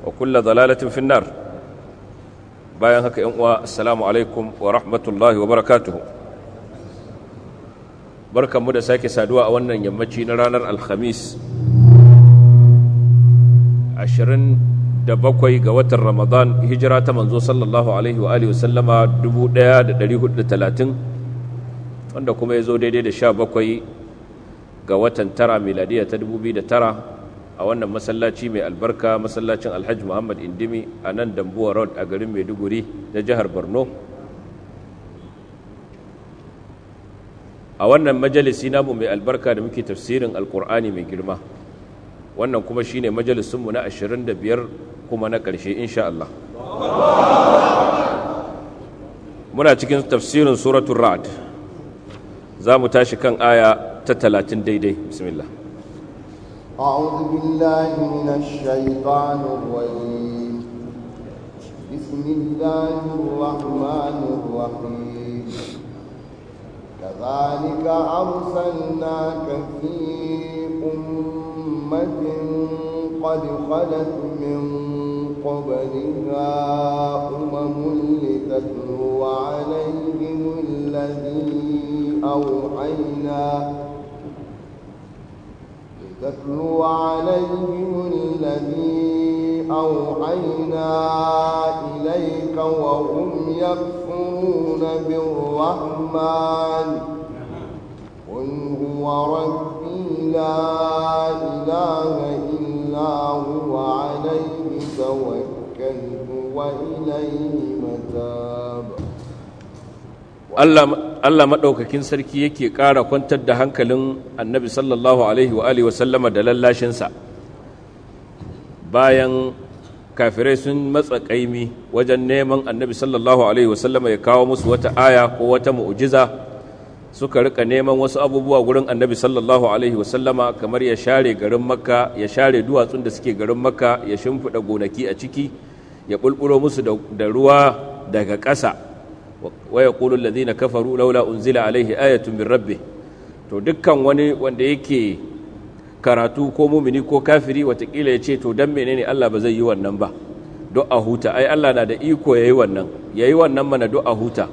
wa kulla dalalatin finnar bayan haka yan uwa assalamu alaikum wa rahmatullahi wa barakatuhu barkanmu da sake saduwa a wannan yammaci na ranar alhamis 27 ga watan ramadan hijira ta manzo sallallahu alaihi wa alihi wasallama 1430 wanda kuma ya zo daidai da 17 ga watan tara miladiya ta 2009 a wannan masallaci mai albarka masallacin alhaji muhammad indimi a nan dambuwa road a garin maiduguri na jihar borno a wannan majalisi namu mai albarka da muke tafsirin alkur'ani mai girma wannan kuma shine majalisunmu na 25 kuma na ƙarshe insha Allah muna cikin tafsirin suratun ra'd za mu tashi kan aya ta 30 daidai bismillah أعوذ بالله من الشيطان الرجيم بسم الله الرحمن الرحيم كذلك أرسلناك في أمة قد خلت من قبلها أمم لتتلو عليهم الذي أوحينا تتلو عليهم الذي أوحينا إليك وهم يكفرون بالرحمن قل هو ربي لا إله إلا هو عليه توكلت وإليه متاب الله Allah maɗaukakin sarki yake ƙara kwantar da hankalin annabi sallallahu alaihi wa wasallama da lallashinsa bayan kafirai sun matsa ƙaimi wajen neman annabi sallallahu alaihi wasallama ya kawo musu wata aya ko wata mu'ujiza suka rika neman wasu abubuwa gurin annabi sallallahu alaihi wasallama kamar ya share garin makka ya share duwatsun da suke garin makka ya shimfiɗa gonaki a ciki ya ɓulɓulo musu da ruwa daga ƙasa wa yaqulu na kafaru laula unzila alaihi ayatun bin rabbi to dukkan wani wanda yake karatu ko mumini ko kafiri watakila ya ce to dan menene Allah ba zai yi wannan ba duk a huta ai Allah na da iko yayi wannan yayi wannan mana du'a a huta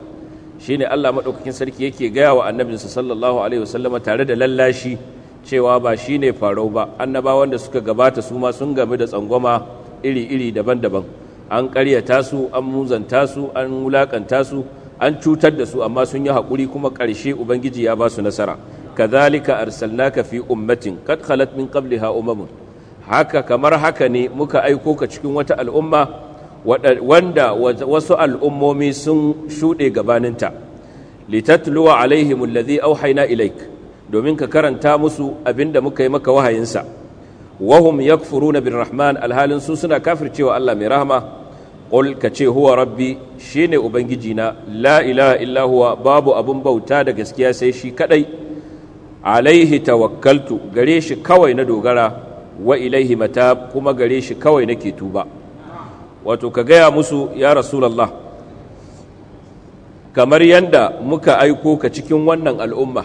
shine Allah madaukakin sarki yake gaya wa annabinsa sallallahu alaihi wasallam tare da lallashi cewa ba shine farau ba annaba wanda suka gabata su ma sun game da tsangwama iri-iri daban-daban an karyata su an muzanta su an wulakanta su an cutar da su amma sun yi haƙuri kuma ƙarshe ubangiji ya ba su nasara kadhalika arsalnaka fi ummatin qad khalat min qabliha umamun haka kamar haka ne muka aiko ka cikin wata al'umma wanda wasu al'ummomi sun shuɗe gabaninta litatluwa alaihim alladhi auhaina ilaik domin ka karanta musu abinda muka yi maka wahayinsa wahum yakfuruna birrahman alhalin su suna kafircewa Allah mai rahama qul kace huwa rabbi shine ubangiji na la ilaha illa babu abun bauta da gaskiya sai shi kadai alaihi tawakkaltu gare shi kawai na dogara wa ilaihi matab kuma gare shi kawai nake tuba wato ka gaya musu ya rasulullah kamar yadda muka aiko ka cikin wannan al'umma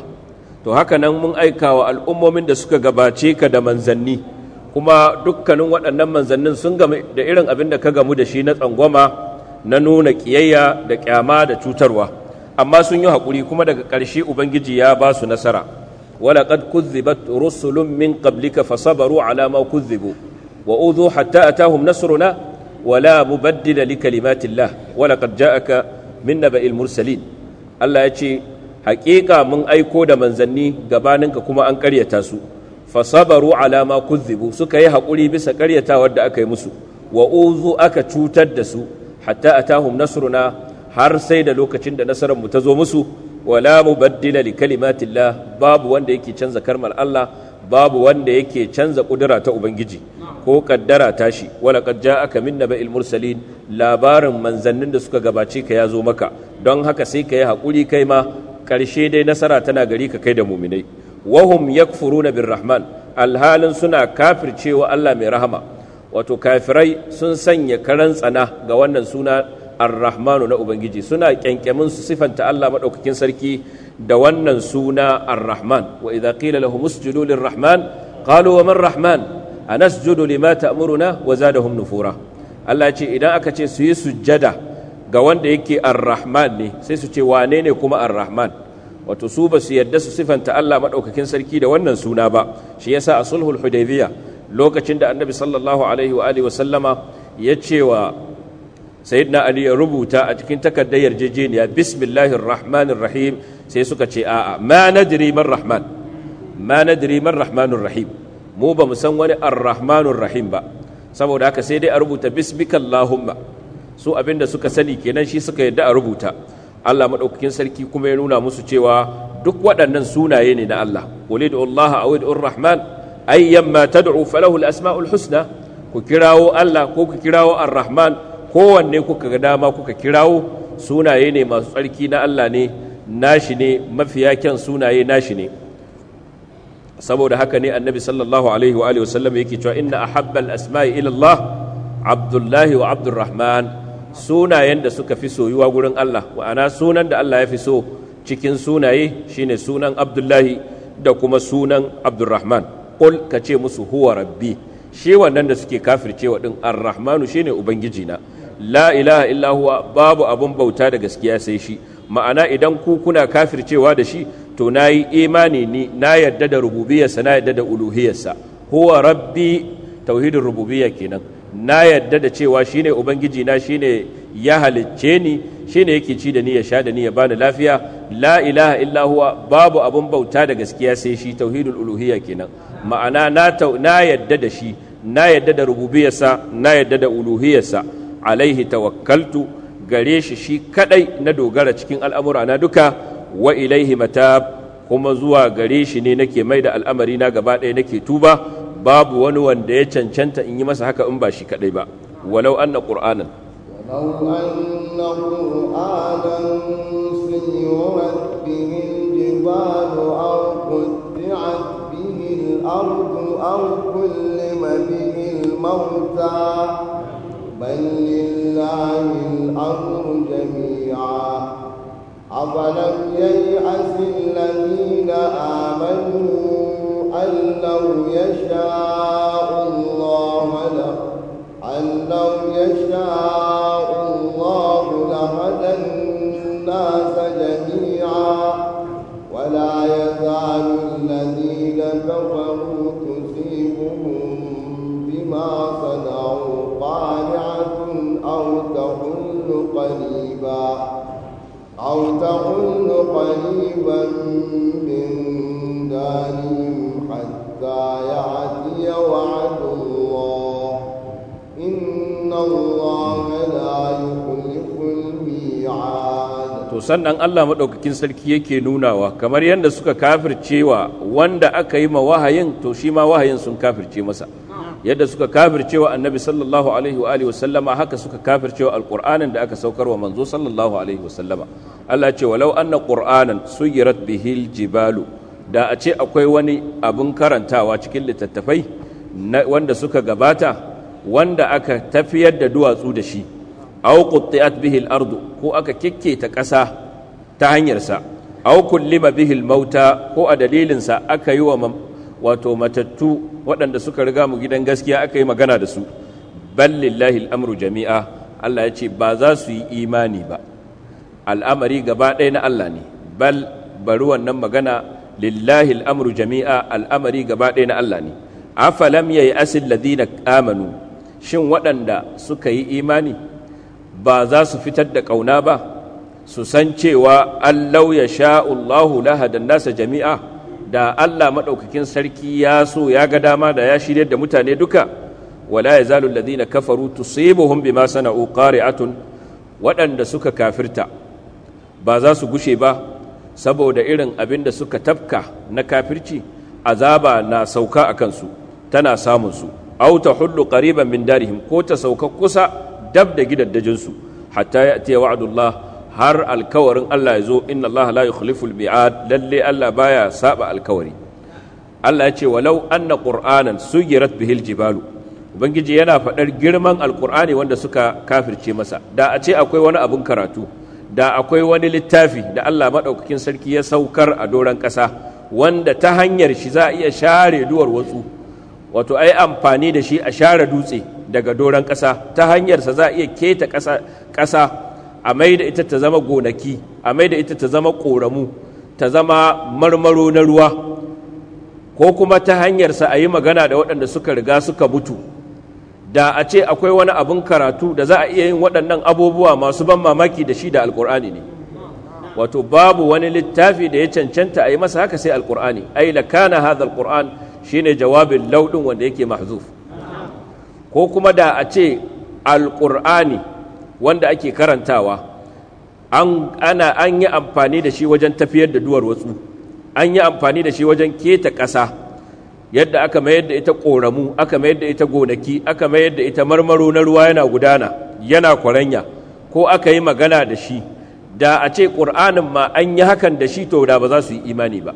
to haka nan mun aika wa al'ummomin da suka gabace ka da manzanni kuma dukkanin waɗannan manzannin sun gamu da irin abin da ka gamu da shi na tsangwama na nuna ƙiyayya da ƙyama da cutarwa amma sun yi haƙuri kuma daga ƙarshe ubangiji ya ba su nasara walaƙad kuzzibat rusulun min qablika fasabaru ala ma kuzzibu wa udhu hatta atahum nasruna wala mubaddila li kalimatillah walaqad ja'aka min naba'il mursalin Allah ya ce haƙiƙa mun aiko da manzanni gabaninka kuma an ƙaryata su fasabaru ala ma kuzzibu suka yi haƙuri bisa ƙaryatawar da aka yi musu wa uzu aka cutar da su hatta atahum nasruna har sai da lokacin da nasarar mu ta zo musu wala mubaddila li kalimatillah babu wanda yake canza karmar Allah babu wanda yake canza kudura ta ubangiji ko kaddara tashi wala qad ja'aka min naba'il mursalin labarin manzannin da suka gabace ka yazo maka don haka sai ka yi hakuri kai ma karshe dai nasara tana gari ka kai da muminai wahum yakfuruna birrahman alhalin suna kafircewa Allah mai rahma wato kafirai sun sanya karantsana ga wannan suna arrahmanu na ubangiji suna kyankyamin sifanta Allah madaukakin sarki da wannan suna arrahman wa idza qila lahum usjudu lirrahman qalu wa man rahman anasjudu muruna ta'muruna wa zadahum Allah ce idan aka ce su yi sujjada ga wanda yake arrahman ne sai su ce wane ne kuma arrahman wato su ba su yarda su sifanta Allah maɗaukakin sarki da wannan suna ba shi yasa a sulhul hudaybiya lokacin da annabi sallallahu alaihi wa alihi wasallama ya ce wa sayyidina ali ya rubuta a cikin takardar yarjejeniya bismillahir rahmanir rahim sai suka ce a'a ma nadri man rahman ma nadri man rahmanur rahim mu ba mu san wani ar rahim ba saboda haka sai dai a rubuta bismika allahumma su abinda suka sani kenan shi suka yarda a rubuta Allah madaukakin sarki kuma ya nuna musu cewa duk waɗannan sunaye ne na Allah qul ud'u Allah aw ud'u Rahman ayyamma tad'u falahu asmaul husna ku kirawo Allah ko ku kirawo Ar-Rahman kowanne kuka ga dama kuka kirawo sunaye ne masu tsarki na Allah ne nashi ne mafiya kyan sunaye nashi ne saboda haka ne annabi sallallahu alaihi wa alihi yake cewa inna ahabbal asma'i ila Allah abdullahi wa abdurrahman sunayen da suka fi soyuwa gurin Allah wa'ana sunan da Allah ya fi so cikin sunaye shine sunan Abdullahi da kuma sunan Abdulrahman qul ka ce musu huwa rabbi shi wannan da suke kafircewa din Ar-Rahmanu shine ubangijina la ilaha illa huwa babu abun bauta da gaskiya sai shi ma'ana idan ku kuna kafircewa da shi to nayi imani ni na yadda da rububiyarsa na yadda da uluhiyarsa huwa rabbi tauhidin rububiyya kenan na yadda da cewa shine ubangiji na shine ya halicce ni shine yake ci da ni ya sha da ni ya bani lafiya la ilaha illa huwa babu abun bauta da gaskiya sai shi tauhidul uluhiyya kenan ma'ana na na yadda da shi na yadda da rububiyarsa na yadda da uluhiyarsa alaihi tawakkaltu gare shi shi kadai na dogara cikin al'amura na duka wa ilaihi matab kuma zuwa gare shi ne nake mai da al'amari na gaba ɗaya nake tuba babu wani wanda ya cancanta in yi masa haka in ba shi kadai ba walau anna qur'anan walau anna qur'anan sayyirat bihi al-jibalu aw qutti'at bihi al-ardu aw kullima bihi al-mauta bal lillahi al-amru jami'a afalam yai'as alladhina amanu أن لو يشاء الله له أن لو يشاء الله لهدى الناس جميعا ولا يزال الذين كفروا تصيبهم بما صنعوا قارعة أو تحل قريبا أو تحل قريبا من دارهم حتى يأتي وعد الله إن الله لا يخلف الميعاد to sannan Allah madaukakin sarki yake nunawa kamar yadda suka kafircewa wanda aka yi ma wahayin to shi ma wahayin sun kafirce masa yadda suka kafircewa annabi sallallahu alaihi wa alihi wasallama haka suka kafircewa alqur'anin da aka saukar wa manzo sallallahu alaihi wasallama Allah ce walau anna qur'anan suyirat bihil jibalu da a ce akwai wani abin karantawa cikin littattafai wanda suka gabata wanda aka tafiyar da duwatsu da shi aw bihil ardu ko aka kikketa ƙasa ta hanyarsa aw kullima bihi mauta ko a dalilinsa aka yi wa wato matattu waɗanda suka riga mu gidan gaskiya aka yi magana da su bal lillahi amru jami'a Allah ya ce ba za su yi imani ba al'amari gaba ɗaya na Allah ne bal bari wannan magana lillahi al'amru jami'a al'amari gaba ɗaya na Allah ne afalam yayi asil ladina amanu shin waɗanda suka yi imani ba za su fitar da ƙauna ba su san cewa allahu ya sha sha'ullahu lahadan nasa jami'a da Allah maɗaukakin sarki ya so ya ga dama da ya shirya da mutane duka wala ya zalu ladina kafaru tusibuhum bima sana'u qari'atun waɗanda suka kafirta ba za su gushe ba saboda irin abin da suka tafka na kafirci azaba na sauka a kansu tana samun su ta hullu qariban min darihim ko ta sauka kusa dab da gidaddajinsu su hatta ya'ti wa'dullah har alkawarin Allah ya zo inna Allah la yukhlifu al-mi'ad lalle Allah baya saba alkawari Allah ya ce walau anna qur'anan sugirat bihil jibalu ubangiji yana faɗar girman alkur'ani wanda suka kafirce masa da a ce akwai wani abin karatu da akwai wani littafi da Allah maɗaukakin sarki ya saukar a doron ƙasa wanda ta hanyar shi za a iya share duwar watsu wato ai amfani da shi a share dutse daga doron ƙasa ta hanyarsa za a iya keta ƙasa a mai da ita ta zama gonaki a mai da ita ta zama ƙoramu ta zama marmaro na ruwa ko kuma ta hanyarsa a yi magana da waɗanda suka riga suka mutu da a ce akwai wani abin karatu da za a iya yin waɗannan abubuwa masu ban mamaki da shi da alkur'ani ne wato babu wani littafi da ya cancanta a yi masa haka sai alkur'ani ai la kana hadha alquran shine jawabin laudin wanda yake mahzuf ko kuma da a ce alkur'ani wanda ake karantawa an ana an yi amfani da shi wajen tafiyar da duwar watsu an yi amfani da shi wajen keta ƙasa yadda aka mayar da ita ƙoramu aka mayar da ita gonaki aka mayar da ita marmaro na ruwa yana gudana yana kwaranya ko aka yi magana da shi da a ce ƙur'anin ma an yi hakan da shi to da ba za su yi imani ba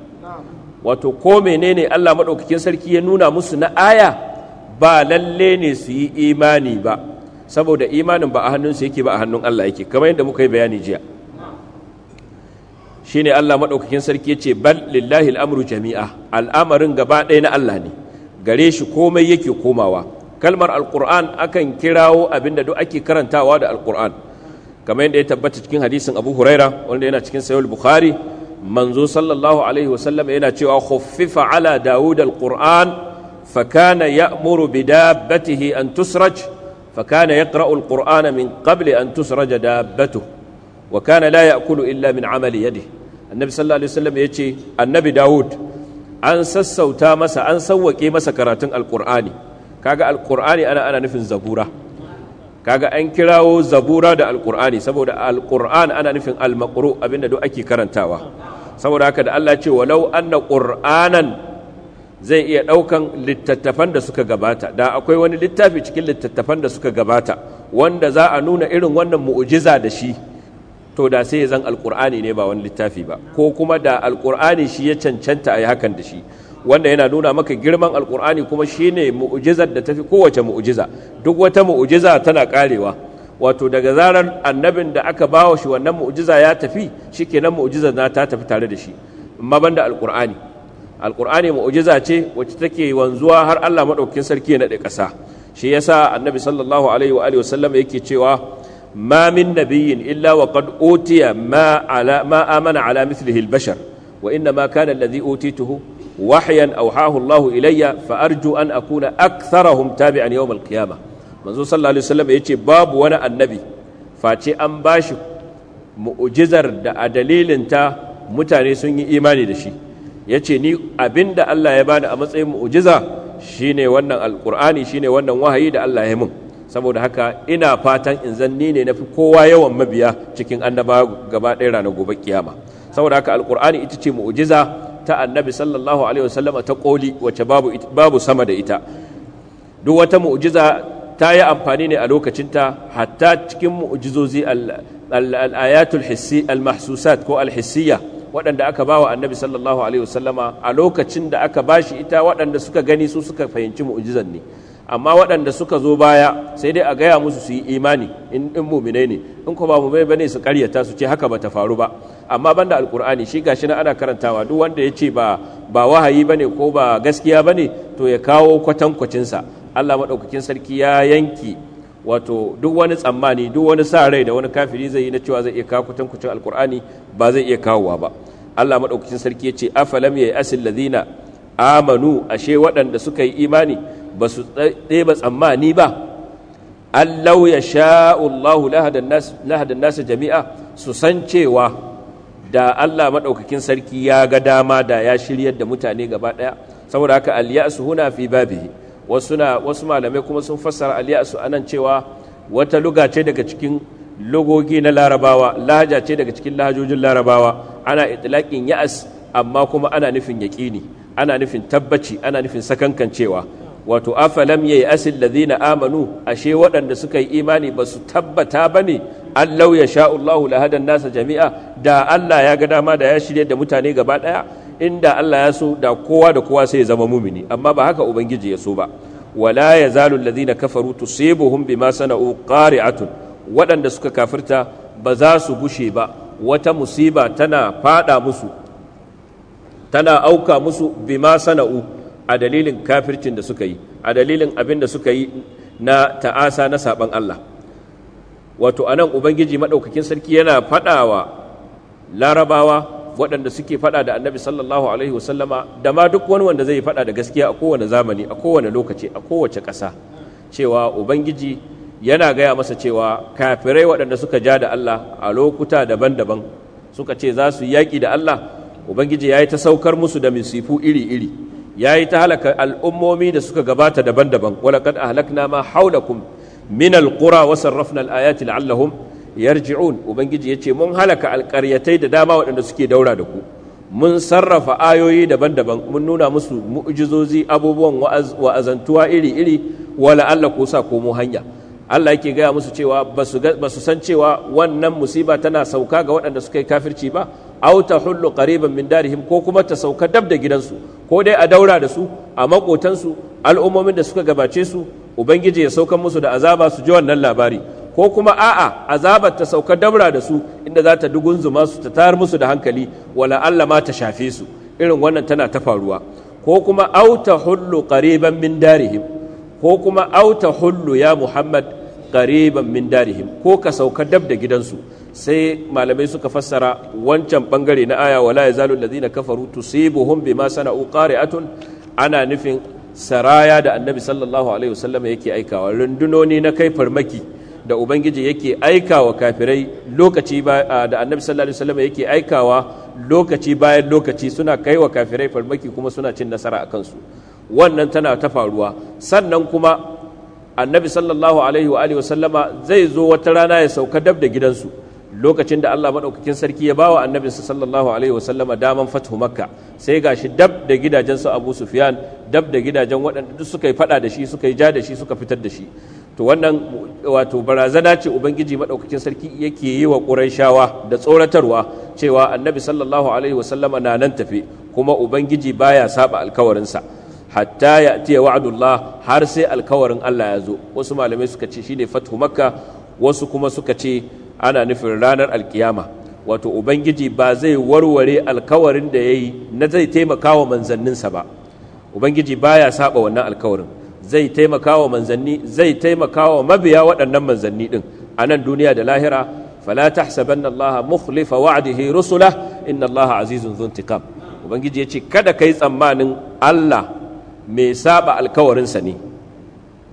wato ko menene Allah maɗaukakin sarki ya nuna musu na aya ba lalle ne su yi imani ba saboda imanin ba a hannunsu yake ba a hannun Allah yake kamar yadda muka yi bayani jiya shine Allah maɗaukakin sarki ce bal lillahi al'amuru jami'a al'amarin gaba ɗaya na Allah ne gare shi komai yake komawa kalmar alƙur'an akan kirawo abinda duk ake karantawa da alquran kamar yadda ya tabbata cikin hadisin Abu Huraira wanda yana cikin sahih bukhari manzo sallallahu alaihi wasallam yana cewa khuffifa ala daud alquran fa kana ya'muru bi dabbatihi an tusraj fa kana yaqra'u alqur'ana min qabli an tusraja dabbatuhu wa kana la ya'kulu illa min amali yadi annabi sallallahu alaihi wasallam yace annabi Dawud an sassauta masa an sawwake masa karatun alqur'ani kaga alqur'ani ana ana nufin zabura kaga an kirawo zabura da alqur'ani saboda alqur'an ana nufin almaqru abinda duk ake karantawa saboda haka da Allah ce walau anna qur'anan zai iya daukan littattafan da suka gabata da akwai wani littafi cikin littattafan da suka gabata wanda za a nuna irin wannan mu'jiza da shi to da sai ya zan alkur'ani ne ba wani littafi ba ko kuma da alkur'ani shi ya cancanta a yi hakan da shi wanda yana nuna maka girman alkur'ani kuma shi ne mu'ujizar da tafi kowace mu'ujiza duk wata mu'ujiza tana karewa wato daga zarar annabin da aka bawa shi wannan mu'ujiza ya tafi shikenan mu'ujizar na ta tafi tare da shi amma banda alkur'ani alkur'ani mu'ujiza ce wacce take wanzuwa har Allah madaukakin sarki ya nade ƙasa shi yasa annabi sallallahu alaihi wa alihi wasallam yake cewa ma min nabiyyin illa wa qad utiya ma ala ma amana ala mithlihi al-bashar wa inna ma kana alladhi utituhu wahyan awhahu Allah ilayya fa arju an akuna aktharahum tabi'an yawm al-qiyamah manzo sallallahu alaihi wasallam yace babu wani annabi face an bashi mu'jizar da a dalilinta mutane sun yi imani da shi ya ce ni abinda Allah ya bani a matsayin mu'ujiza shine wannan alkur'ani shine wannan wahayi da Allah ya mun saboda haka ina fatan in zanni ne na fi kowa yawan mabiya cikin annabawa gaba ɗaya ranar gobe kiyama saboda haka alkur'ani ita ce mu'jiza ta annabi sallallahu alaihi wasallama ta koli wacce babu babu sama da ita duk wata mu'jiza ta yi amfani ne a lokacinta hatta cikin mu'jizozi al-ayatul hissi al-mahsusat ko al-hissiyya waɗanda aka ba wa annabi sallallahu alaihi wasallama a lokacin da aka bashi ita waɗanda suka gani su suka fahimci mu'jizan ne amma waɗanda suka zo baya sai dai a gaya musu su yi imani in muminai ne in ko ba ne bane su karyata su ce haka bata faru ba amma banda alkur'ani shi gashi na ana karantawa duk wanda ya ce ba ba wahayi bane ko ba gaskiya bane to ya kawo kwatankwacinsa sa Allah madaukakin sarki ya yanki wato duk wani tsammani duk wani sa rai da wani kafiri zai yi na cewa zai iya kawo kwatankwacin alkur'ani ba zai iya kawowa ba Allah madaukakin sarki ya ce afalam ya yi asil ladina amanu ashe waɗanda suka yi imani ba su ɗeba tsammani ba allahu ya sha'ullahu lahadan nasa jami'a su san cewa da Allah maɗaukakin sarki ya ga dama da ya shiryar da mutane gaba ɗaya saboda haka aliyasu huna fi babi wasu malamai kuma sun fassara aliyasu anan cewa wata luga ce daga cikin logogi na larabawa lahaja ce daga cikin lahajojin larabawa ana itilakin ya'as amma kuma ana nufin yaƙini ana nufin tabbaci ana nufin sakankancewa wato afalam yayi asil ladina amanu ashe waɗanda suka yi imani ba su tabbata ba ne an lauya sha'ullahu lahadan nasa jami'a da Allah ya ga dama da ya shirya da mutane gaba ɗaya inda Allah ya so da kowa da kowa sai ya zama mumini amma ba haka ubangiji ya so ba wala yazalu alladhina kafaru tusibuhum bima sana'u qari'atun waɗanda suka kafirta ba za su gushe ba wata musiba tana fada musu tana auka musu bima sana'u a dalilin kafircin da suka yi a dalilin abin da suka yi na ta'asa na saban Allah wato anan ubangiji madaukakin sarki yana faɗawa larabawa waɗanda suke faɗa da annabi sallallahu alaihi wasallama da ma duk wani wanda zai faɗa da gaskiya a kowane zamani a kowane lokaci a kowace ƙasa cewa ubangiji yana gaya masa cewa kafirai waɗanda suka ja da Allah a lokuta daban-daban suka ce za su yaƙi da Allah ubangiji ya yi ta saukar musu da misifu iri-iri yayi ta halaka al'ummomi da suka gabata daban-daban walaqad ahlakna ma haulakum min alqura wa sarrafna alayati la'allahum yarji'un ubangiji ya ce mun halaka alƙaryatai da dama waɗanda suke daura da ku mun sarrafa ayoyi daban-daban mun nuna musu mu'jizozi abubuwan wa'azantuwa iri-iri wala Allah ko sa komo hanya Allah yake gaya musu cewa ba su san cewa wannan musiba tana sauka ga waɗanda suka yi kafirci ba aw tahullu qariban min darihim ko kuma ta sauka dab da gidansu ko dai a daura da su a makotansu al'ummomin da suka gabace su ubangiji ya sauka musu da azaba su ji wannan labari ko kuma a'a azabar ta sauka daura da su inda za ta dugunzuma su ta tayar musu da hankali wala Allah ma ta shafe su irin wannan tana ta faruwa ko kuma aw hullu qariban min darihim ko kuma aw tahullu ya Muhammad qariban min darihim ko ka sauka dab da gidansu sai malamai suka fassara wancan bangare na aya wala ya yazalu allazina kafaru tusibuhum bima sana'u qari'atun ana nufin saraya da annabi sallallahu alaihi wasallam yake aikawa rundunoni na kai farmaki da ubangiji yake aikawa kafirai lokaci da annabi sallallahu alaihi wasallam yake aikawa lokaci bayan lokaci suna kaiwa kafirai farmaki kuma suna cin nasara akan su wannan tana ta faruwa sannan kuma annabi sallallahu alaihi wa alihi wasallama zai zo wata rana ya sauka dab da gidansu lokacin da Allah maɗaukakin sarki ya bawa annabinsa sallallahu alaihi wasallama daman fathu makka sai gashi dab da gidajen su abu sufyan dab da gidajen waɗanda duk suka yi faɗa da shi suka yi ja da shi suka fitar da shi to wannan wato barazana ce ubangiji maɗaukakin sarki yake yi wa ƙurayshawa da tsoratarwa cewa annabi sallallahu alaihi wasallama na nan tafi kuma ubangiji baya saba alkawarinsa hatta ya tiya wa'adullah har sai alkawarin Allah ya zo wasu malamai suka ce shine fathu makka wasu kuma suka ce ana nufin ranar alkiyama wato ubangiji ba zai warware alkawarin da ya yi na zai taimaka wa manzanninsa ba ubangiji baya saba wannan alkawarin zai taimaka wa manzanni zai taimaka wa mabiya waɗannan manzanni ɗin a nan duniya da lahira fala tahsabanna allaha mukhlifa wa'dihi rusula inna allaha azizun zuntikam ubangiji ya ce kada kai tsammanin allah mai saba alkawarinsa ne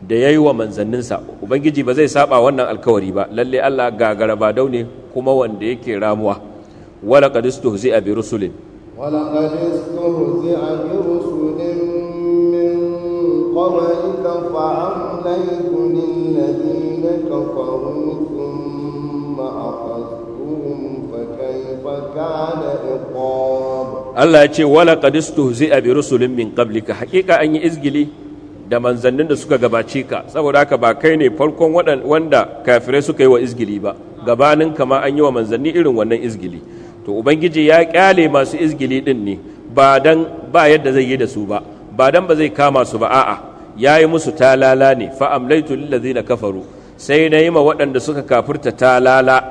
da ya yi wa manzanninsa ubangiji ba zai saba wannan alkawari ba lalle allah gagara ba daune kuma wanda yake ramuwa wala kadistu zai abi rusulin wala kadistu zai abi rusulin min qablika fa amlaytu lil ladina kafaru thumma aqadtuhum fa kayfa kana iqab Allah ya ce wala kadistu zai abi rusulin min qablika hakika an yi izgili da manzannin da suka gabace ka saboda haka ba kai ne farkon wanda kafirai suka yi wa izgili ba gabanin kama an yi wa manzanni irin wannan izgili to ubangiji ya kyale masu izgili din ne ba dan ba yadda zai yi da su ba ba dan ba zai kama su ba a'a ya yi musu talala ne fa amlaitu lillazina kafaru sai na yi ma waɗanda suka kafirta talala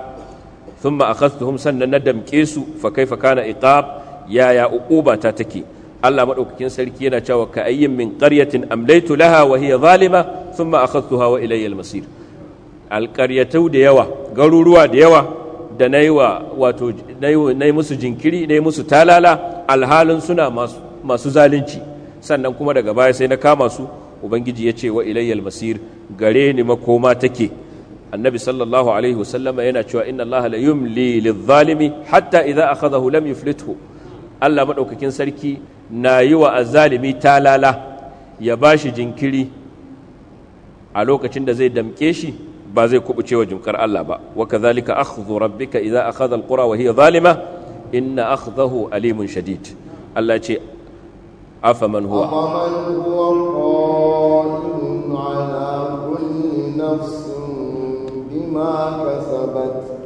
thumma akhadhtuhum sannan na damke su fa kaifa kana iqab yaya uquba ta take Allah maɗaukakin sarki yana cewa ka ayyin min qaryatin amlaytu laha wa hiya zalima thumma akhadtuha wa ilayya al-masir da yawa garuruwa da yawa da nayi wa wato nayi musu jinkiri nayi musu talala alhalin suna masu masu zalunci sannan kuma daga baya sai na kama su ubangiji ya ce wa ilayya al-masir gare ni makoma take annabi sallallahu alaihi wasallama yana cewa inna allaha la yumli lidh-zalimi hatta idza akhadahu lam yuflithu Allah maɗaukakin sarki na yi wa azzalimi talala ya ba shi jinkiri a lokacin da zai damke shi ba zai kubuce wa jinkar Allah ba wa kadhalika akhdhu rabbika idza akhadha alqura wa hiya zalima inna akhdahu alimun shadid Allah ce afaman huwa afaman huwa qa'imun ala kulli nafsin bima kasabat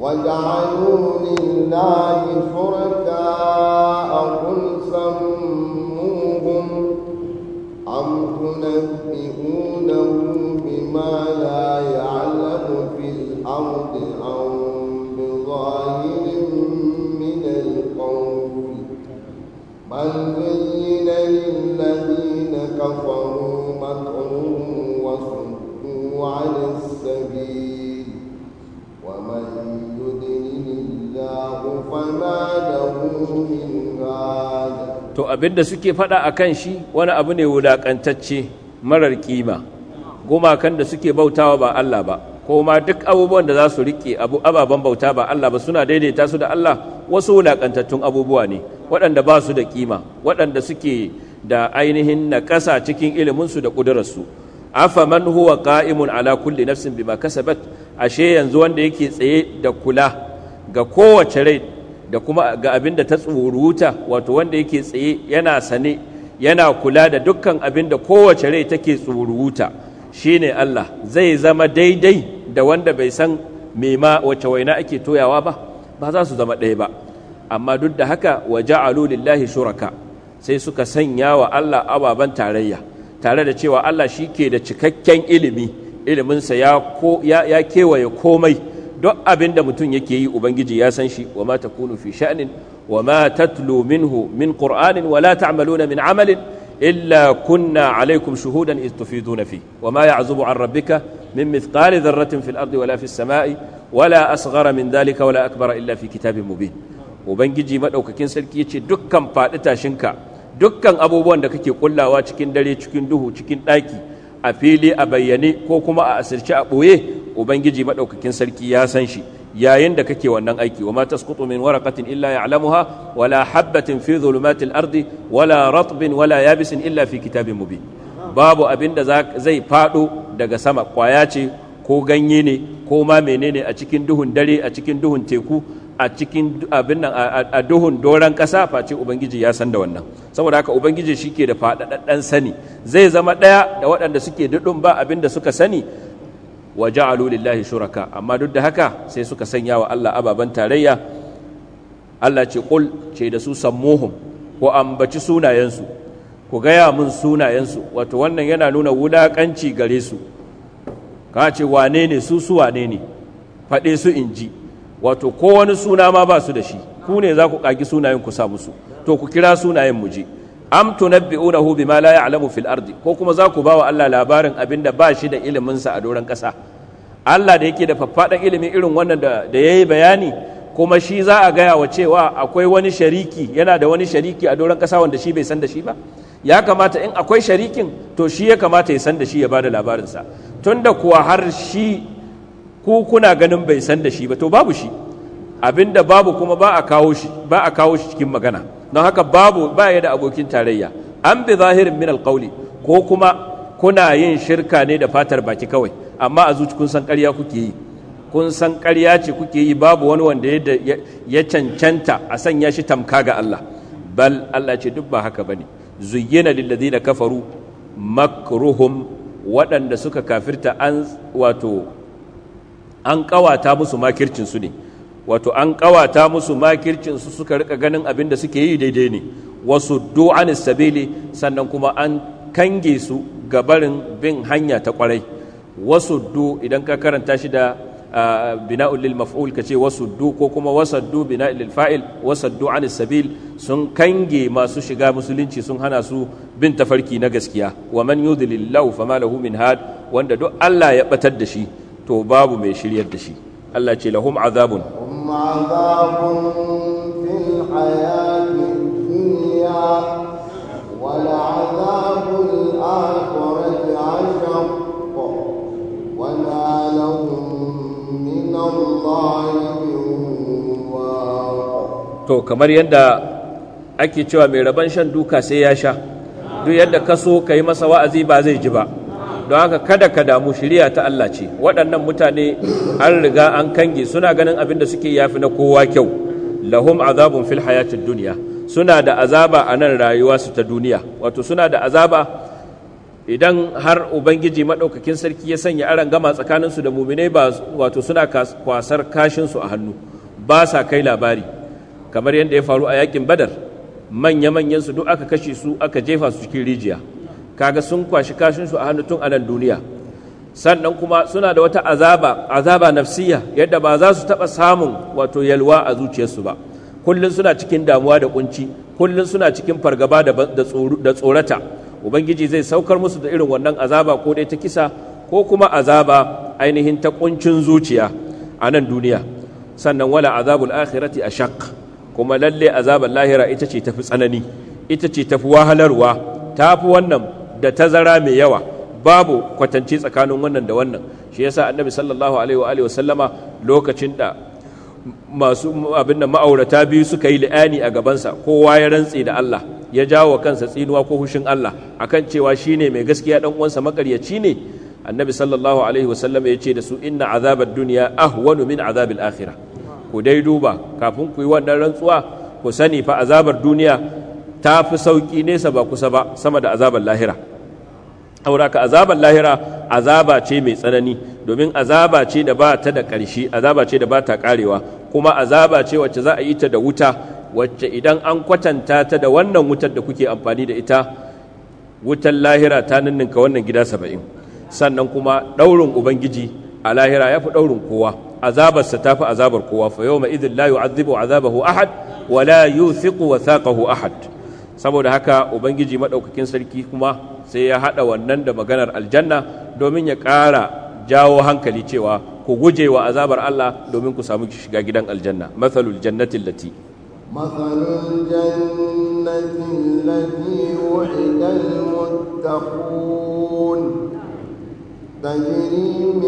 وجعلوا لله شركاء قل أم تنبئونه بما لا يعلم في الأرض أم بظاهر من القول بل زين للذين كفروا مكرهم وصدوا عن السبيل ومن يدلل الله فما له من هاد to da suke faɗa a kan shi wani abu ne wulaƙantacce marar kima gumakan da suke bautawa ba Allah ba ko ma duk abubuwan da za su riƙe abu ababen bauta ba Allah ba suna daidaita su da Allah wasu wulaƙantattun abubuwa ne waɗanda ba su da kima waɗanda suke da ainihin naƙasa cikin iliminsu da ƙudurarsu afa man huwa qa'imun ala kulli nafsin bima kasabat ashe yanzu wanda yake tsaye da kula ga kowace rai da kuma ga abin da ta tsuruta wato wanda yake tsaye yana sane yana kula da dukkan abin da kowace rai take tsuruta ne Allah zai zama daidai da wanda bai san me ma wace waina ake toyawa ba ba za su zama ɗaya ba amma duk da haka wa ja'alu lillahi shuraka sai suka sanya wa Allah ababen tarayya tare da cewa Allah shi ke da cikakken ilimi iliminsa ya kewaye komai duk abin da mutum yake yi ubangiji ya san shi wa ma takunu fi sha'nin wa ma tatlu minhu min qur'anin wa la ta'maluna min amalin illa kunna alaikum shuhudan iz tufiduna fi wa ma ya'zubu an rabbika min mithqali dharratin fil ardi wala fis sama'i wala asghara min dhalika wala akbara illa fi kitabin mubin ubangiji madaukakin sarki yace dukkan fadi tashinka dukkan abubuwan da kake kullawa cikin dare cikin duhu cikin daki a fili a bayyane ko kuma a asirce a ɓoye ubangiji maɗaukakin sarki ya san shi yayin da kake wannan aiki wa ma tasqutu min waraqatin illa wala habbatin fi dhulumatil ardi wala ratbin wala yabisin illa fi kitabin babu abin da zai faɗo daga sama kwaya ce ko ganye ne ko ma menene a cikin duhun dare a cikin duhun teku a cikin abin nan a duhun doron ƙasa face ubangiji ya san da wannan saboda haka ubangiji shi ke da faɗaɗɗen sani zai zama ɗaya da waɗanda suke duɗin ba abin da suka sani wa ja'alu lillahi shuraka amma duk da haka sai suka sanya wa Allah ababan tarayya Allah ce kul ce da su sammuhum ko ambaci sunayensu ku gaya mun sunayensu wato wannan yana nuna wulakanci gare su ka ce wane ne su su wane ne faɗe su in ji wato ko wani suna ma ba su da shi ku ne za ku ƙagi sunayen ku sa musu to ku kira sunayen mu je am tunabbi'unahu bima la ya'lamu fil ardi ko kuma za ku bawa Allah labarin abinda ba shi da ilimin sa a doran kasa Allah da yake da faffadan ilimi irin wannan da da yayi bayani kuma shi za a gaya wa cewa akwai wani shariki yana da wani shariki a doran kasa wanda shi bai san da shi ba ya kamata in akwai sharikin to shi ya kamata ya san da shi ya bada sa tunda kuwa har shi ku kuna ganin bai san da shi ba to babu shi abinda babu kuma ba a kawo shi ba a kawo shi cikin magana don haka babu ba ya da abokin tarayya an bi zahirin min alƙauli ko kuma kuna yin shirka ne da fatar baki kawai amma a zuci kun san ƙarya kuke yi kun san ƙarya ce kuke yi babu wani wanda ya cancanta a sanya shi tamka ga Allah bal Allah ce duk ba haka bane zuyyina lillazina kafaru makruhum waɗanda suka kafirta an wato ƙawata musu makircin su ne wato an kawata musu makircin su suka rika ganin abin da suke yi daidai ne wasu du'an sabili sannan kuma an kange su gabarin bin hanya ta kwarai wasu du idan ka karanta shi da bina'ul lil maf'ul kace wasu du ko kuma wasaddu bina ulil fa'il wasaddu an sabil sun kange masu shiga musulunci sun hana su bin tafarki na gaskiya wa man yudlillahu fama lahu min had wanda duk Allah ya batar da shi to babu mai shiryar da shi Allah ce lahum azabun hum azabun fil hayati dunya wal azabul akhirati ashaq wa ma lahum min Allah to kamar yadda ake cewa mai raban shan duka sai ya sha duk yadda ka so ka yi masa wa'azi ba zai ji ba don haka kada ka damu shirya ta Allah ce waɗannan mutane an riga an kange suna ganin abin da suke yafi na kowa kyau lahum azabun fil hayatid dunya suna da azaba a nan rayuwa su ta duniya wato suna da azaba idan har ubangiji maɗaukakin sarki ya sanya aran gama su da muminai ba wato suna kwasar kashinsu a hannu ba sa kai labari kamar yadda ya faru a yakin badar manya-manyansu duk aka kashe su aka jefa su cikin rijiya kaga sun kwashi kashin su a hannu tun anan duniya sannan kuma suna da wata azaba azaba nafsiya yadda ba za su taɓa samun wato yalwa a zuciyarsu ba kullum suna cikin damuwa da kunci kullum suna cikin fargaba da tsorata ubangiji zai saukar musu da irin wannan azaba ko dai ta kisa ko kuma azaba ainihin ta kuncin zuciya a nan duniya sannan wala azabul akhirati ashaq kuma lalle azabar lahira ita ce tafi tsanani ita ce tafi wahalarwa tafi wannan da tazara mai yawa babu kwatanci tsakanin wannan da wannan shi yasa annabi sallallahu alaihi wa sallama lokacin da masu abin da ma'aurata biyu suka yi li'ani a gabansa kowa ya rantse da Allah ya jawo kansa tsinuwa ko hushin Allah akan cewa shine mai gaskiya dan uwansa makaryaci ne annabi sallallahu alaihi wa sallama ya ce da su inna azabad dunya ahwanu min azabil akhirah ku dai duba kafin ku yi wannan rantsuwa ku sani fa azabar duniya ta fi sauƙi nesa ba kusa ba sama da azabar lahira auraka azabar lahira azaba ce mai tsanani domin azaba ce da ba ta da ƙarshe azaba ce da ba ta ƙarewa kuma azaba ce wacce za a yi ta da wuta wacce idan an kwatanta ta da wannan wutar da kuke amfani da ita wutar lahira ta ninninka wannan gida saba'in sannan kuma ɗaurin ubangiji a lahira ya fi ɗaurin kowa azabarsa ta fi azabar kowa fa yau ma'izin la yu'azzibu azabahu ahad wa la yuthiqu ahad saboda haka ubangiji maɗaukakin sarki kuma sai ya haɗa wannan da maganar aljanna domin ya ƙara jawo hankali cewa ku guje wa azabar Allah domin ku samu shiga gidan aljanna mathalul jannatin lati mathalul jannatin lati wa'idal muttaqun tajri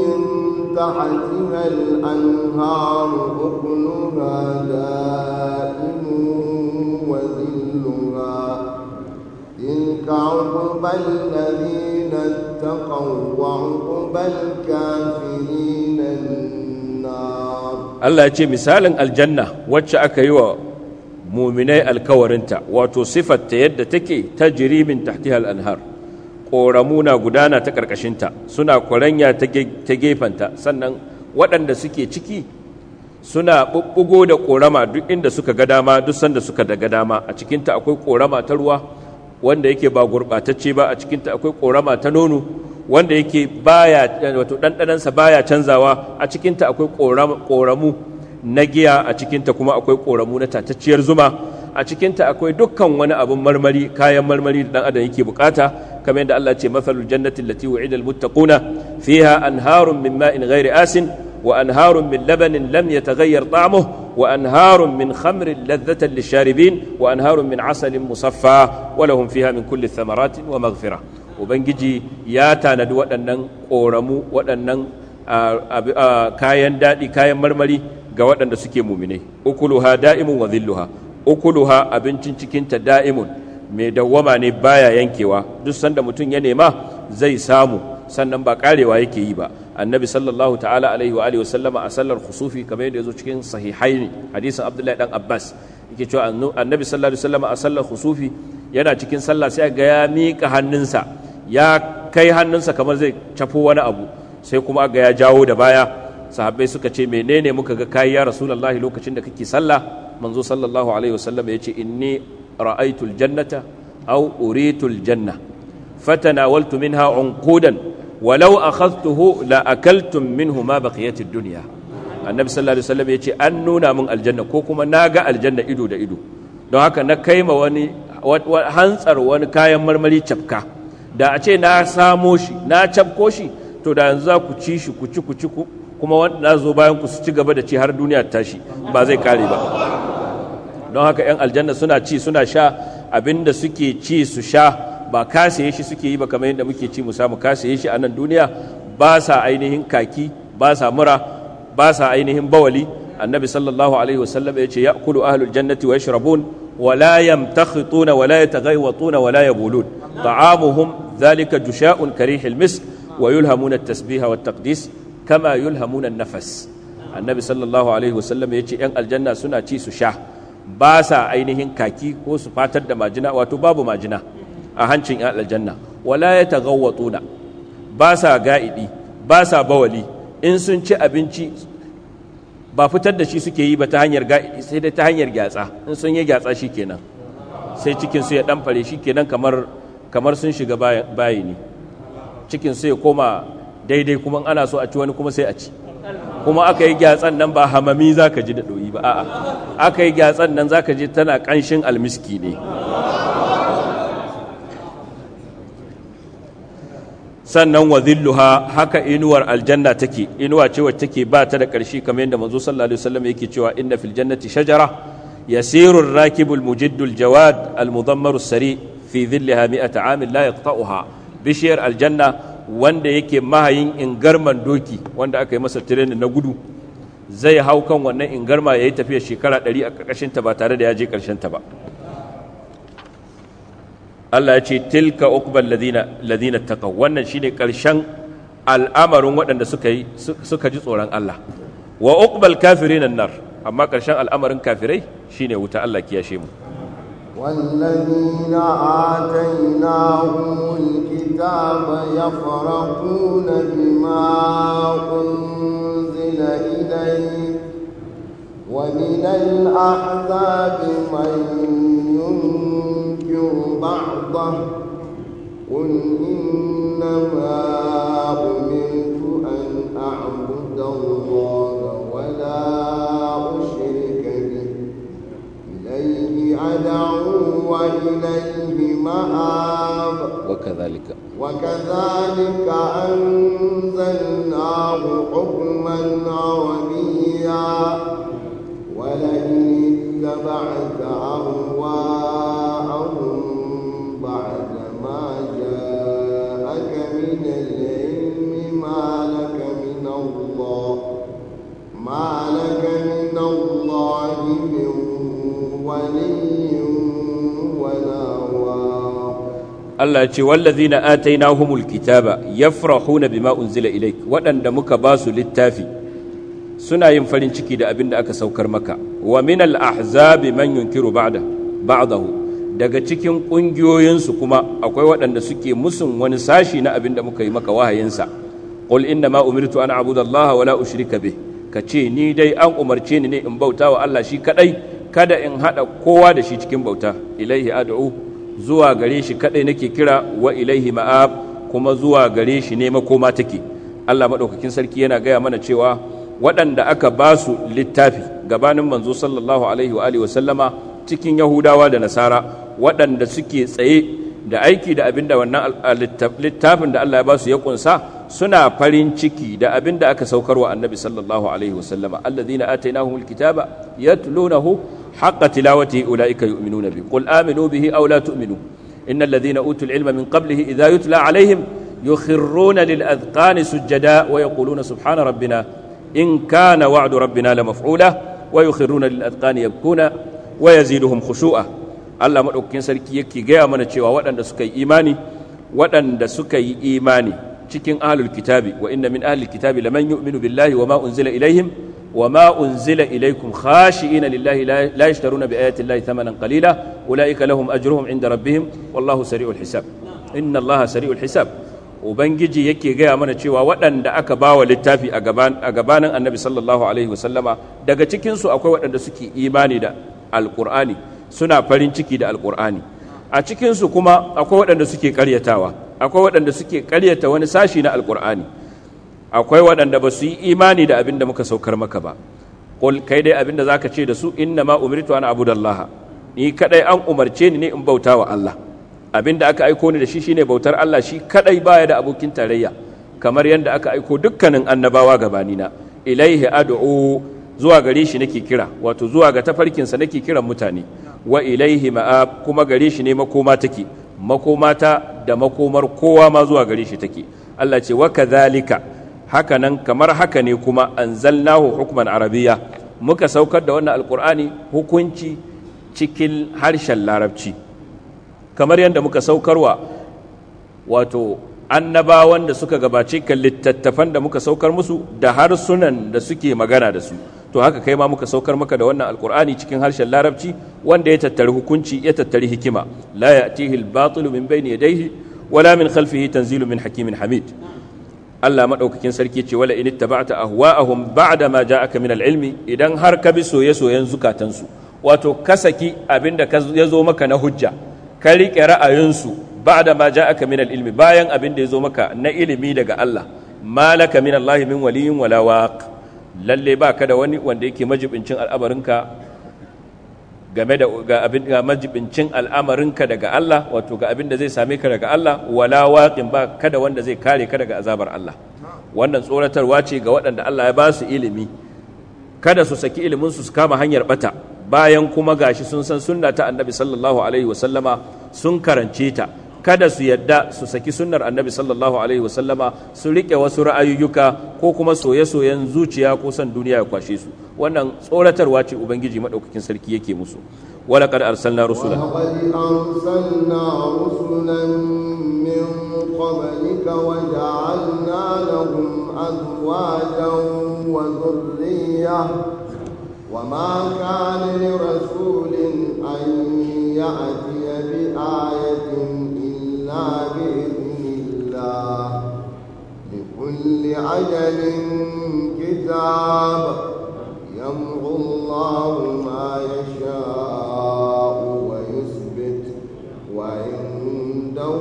tahtiha al-anharu da'imun wa zillun تلك عقبى الذين اتقوا وعقبى الكافرين ce misalin aljanna wacce aka yi wa muminai alkawarinta wato siffarta yadda take ta jirimin tahtiha al'anhar ƙoramu na gudana ta ƙarƙashinta suna kwaranya ta gefenta sannan waɗanda suke ciki suna ɓuɓɓugo da ƙorama duk inda suka ga dama duk sanda suka daga dama a cikinta akwai ƙorama ta ruwa wanda yake ba gurɓatacce ba a cikinta akwai ƙorama ta nono wanda yake baya wato ɗanɗanansa baya canzawa a cikinta akwai ƙoramu na giya a cikinta kuma akwai ƙoramu na tatacciyar zuma a cikinta akwai dukkan wani abin marmari kayan marmari da ɗan adam yake bukata kamar yadda Allah ce masalul jannatin allati wu'ida al-muttaquna fiha anharun min ma'in ghairi asin وأنهار من لبن لم يتغير طعمه وأنهار من خمر لذة للشاربين وأنهار من عسل مصفى ولهم فيها من كل الثمرات ومغفرة وبنجي يا تاند ودنن قورمو ودنن كاين دادي كاين مرملي ga waɗanda suke muminai ukuluha da'imun wa zilluha ukuluha abincin cikinta da'imun mai dawwama ne baya yankewa duk sanda mutum ya nema zai samu sannan ba karewa yake yi ba annabi sallallahu ta'ala alaihi wa alihi sallama a sallar khusufi kamar yadda yazo cikin sahihaini hadisin abdullahi dan abbas yake cewa annabi sallallahu alaihi wasallama a sallar khusufi yana cikin sallah sai ga ya miƙa hannunsa ya kai hannunsa kamar zai cafo wani abu sai kuma ga ya jawo da baya sahabbai suka ce menene muka ga kai ya rasulullahi lokacin da kake sallah manzo sallallahu alaihi wasallam ya ce inni ra'aytul jannata aw uritul janna fatanawaltu minha unqudan walau akhadtuhu la min minhu ma baqiyatid duniya. annabi sallallahu alaihi wasallam ce an nuna min aljanna ko kuma naga aljanna ido da ido don haka na ma wani hantsar wani kayan marmari cafka da a ce na samo shi na cafko shi to da yanzu za ku ci shi ku ci ku ci ku kuma na zo bayan ku su ci gaba da ci har duniya ta tashi ba zai kare ba don haka 'yan aljanna suna ci suna sha abinda suke ci su sha ba kasaye shi suke yi ba kamar yadda muke ci mu samu kasaye shi a nan duniya ba sa ainihin kaki ba sa mura ba sa ainihin bawali annabi sallallahu alaihi wasallam ya ce ya'kulu ahlul jannati wa yashrabun wa la yamtakhituna wa la yataghaywatuna wa la yabulun ta'amuhum dhalika jusha'un karihil misk wa yulhamuna at-tasbiha wat taqdis kama yulhamuna an-nafas annabi sallallahu alaihi wasallam ya ce yan aljanna suna ci su sha ba sa ainihin kaki ko su fatar da majina wato babu majina a hancin yan aljanna wala ya tagawwatuna ba sa ga'idi ba sa bawali in sun ci abinci ba fitar da shi suke yi ba ta hanyar ga'idi sai dai ta hanyar gyatsa in sun yi gyatsa shikenan sai cikin su ya dan fare shikenan kamar kamar sun shiga ne cikin su ya koma daidai kuma ana so a ci wani kuma sai a ci kuma aka yi gyatsan nan ba hamami za ka ji da ɗoyi ba a'a aka yi gyatsan nan za ka ji tana ƙanshin almiski ne sannan wa zilluha haka inuwar aljanna take inuwa ce wacce take ba ta da ƙarshe kamar yadda manzo sallallahu alaihi wasallam yake cewa inna fil jannati shajara yasiru ar-rakibu al jawad al-mudammaru sari fi dhillaha mi'ata 'amin la yaqta'uha bishiyar aljanna wanda yake mahayin ingarman doki wanda aka yi masa training na gudu zai hau kan wannan ingarma yayi tafiya shekara 100 a ƙarƙashin ta ba tare da ya je ƙarshen ta ba Allah ya ce tilka uqbal ladina ladina taqaw wannan shine karshen al'amarin waɗanda suka yi suka ji tsoron Allah wa uqbal kafirin nar amma karshen al'amarin kafirai shine wuta Allah kiyashe mu والذين آتيناهم الكتاب يفرحون بما أنزل إليه ومن الأحزاب من ينكر بعضه قل إنما أمرت أن أعبد الله ولا أشرك به إليه أدعو وإليه مآب وكذلك وكذلك أنزلناه حكما عربيا ولئن اتبعت أهواء Allah ya ce wallazina humul kitaba yafrahuna bima unzila ilaik waɗanda muka ba su littafi suna yin farin ciki da abin da aka saukar maka wa min ahzabi man yunkiru ba'da ba'dahu daga cikin ƙungiyoyinsu kuma akwai waɗanda suke musun wani sashi na abin da muka yi maka wahayinsa qul inna ma umirtu an abudallaha wala ushrika bih ka ce ni dai an umarce ni ne in bauta wa Allah shi kadai kada in hada kowa da shi cikin bauta ilaihi ad'u zuwa gare shi kaɗai nake kira wa ilaihi ma'ab kuma zuwa gare shi ne makoma take Allah madaukakin sarki yana gaya mana cewa waɗanda aka ba su littafi gabanin manzo sallallahu alaihi wa alihi sallama cikin yahudawa da nasara waɗanda suke tsaye da aiki da abin da wannan littafin da Allah ya ba su ya kunsa suna farin ciki da abin da aka saukarwa annabi sallallahu alaihi wasallama allazina atainahumul kitaba yatlunahu حق تلاوته أولئك يؤمنون به قل آمنوا به أو لا تؤمنوا إن الذين أوتوا العلم من قبله إذا يتلى عليهم يخرون للأذقان سجدا ويقولون سبحان ربنا إن كان وعد ربنا لمفعولا ويخرون للأذقان يبكون ويزيدهم خشوعا الله maɗaukakin sarki yake يكي جاء من waɗanda suka دسكي إيماني waɗanda دسكي إيماني تكين أهل الكتاب وإن من أهل الكتاب لمن يؤمن بالله وما أنزل إليهم wa ma unzila ilaikum khashi'ina lillahi la yashtaruna bi ayati llahi thamanan qalila ulaika lahum ajruhum inda rabbihim wallahu sari'ul hisab inna allaha sari'ul hisab ubangiji yake gaya mana cewa waɗanda aka ba wa littafi a gabanin annabi sallallahu alaihi wasallama daga cikinsu akwai waɗanda suke imani da alkur'ani suna farin ciki da alkur'ani a cikinsu kuma akwai waɗanda suke ƙaryatawa akwai waɗanda suke ƙaryata wani sashi na alƙur'ani akwai waɗanda ba su yi imani da abin da muka saukar maka ba ƙul kai dai abin da za ka ce da su inna ma umirtu an abudallah ni kaɗai an umarce ni ne in bauta wa Allah abin da aka aiko ni da shi shine bautar Allah shi kaɗai baya da abokin tarayya kamar yadda aka aiko dukkanin annabawa na ilaihi ad'u zuwa gare shi nake kira wato zuwa ga tafarkinsa nake kiran mutane wa ilaihi ma'ab kuma gare shi ne makoma take makomata da makomar kowa ma zuwa gare shi take Allah ce wa kadhalika haka nan kamar haka ne kuma anzalnahu hukman arabiya muka saukar da wannan alkur'ani hukunci cikin harshen larabci kamar yadda muka saukarwa wato annabawan da suka gabace kan littattafan da muka saukar musu da harsunan da suke magana da su to haka kai ma muka saukar maka da wannan alkur'ani cikin harshen larabci wanda ya tattari hukunci ya tattari hikima la ya'tihi al-batilu min bayni yadayhi wala min khalfihi tanzilu min hakimin hamid Allah madaukakin sarki ce wala in ittaba'ta ahwa'ahum ba'da ma ja'aka min al-ilmi idan har ka bi soya soyan zukatansu wato ka saki abinda ka yazo maka na hujja ka rike ra'ayinsu ba'da ma ja'aka min al-ilmi bayan abinda yazo maka na ilimi daga Allah malaka min Allah min waliyyin wala waq lalle baka da wani wanda yake majibincin al'abarinka game da ga majibincin al'amarinka daga Allah wato ga abin da zai same ka daga Allah wala waƙin ba kada wanda zai kare ka daga azabar Allah wannan tsoratarwa ce ga waɗanda Allah ya ba su ilimi kada su saki ilimin su su kama hanyar ɓata bayan kuma gashi sun san sunna ta annabi sallallahu alaihi wasallama sun karance ta kada su yadda su saki sunnar annabi sallallahu alaihi wasallama su rike wasu ra'ayoyuka ko kuma soye-soyen zuciya ko son duniya ya kwashe su wannan tsoratarwa ce ubangiji madaukakin sarki yake musu wala qad arsalna rusulan wa min qablika wa ja'alna wa dhurriyyah وما كان لرسول أن يأتي بآية بإذن الله لكل عجل كتاب يمغو الله ما يشاء ويثبت وعنده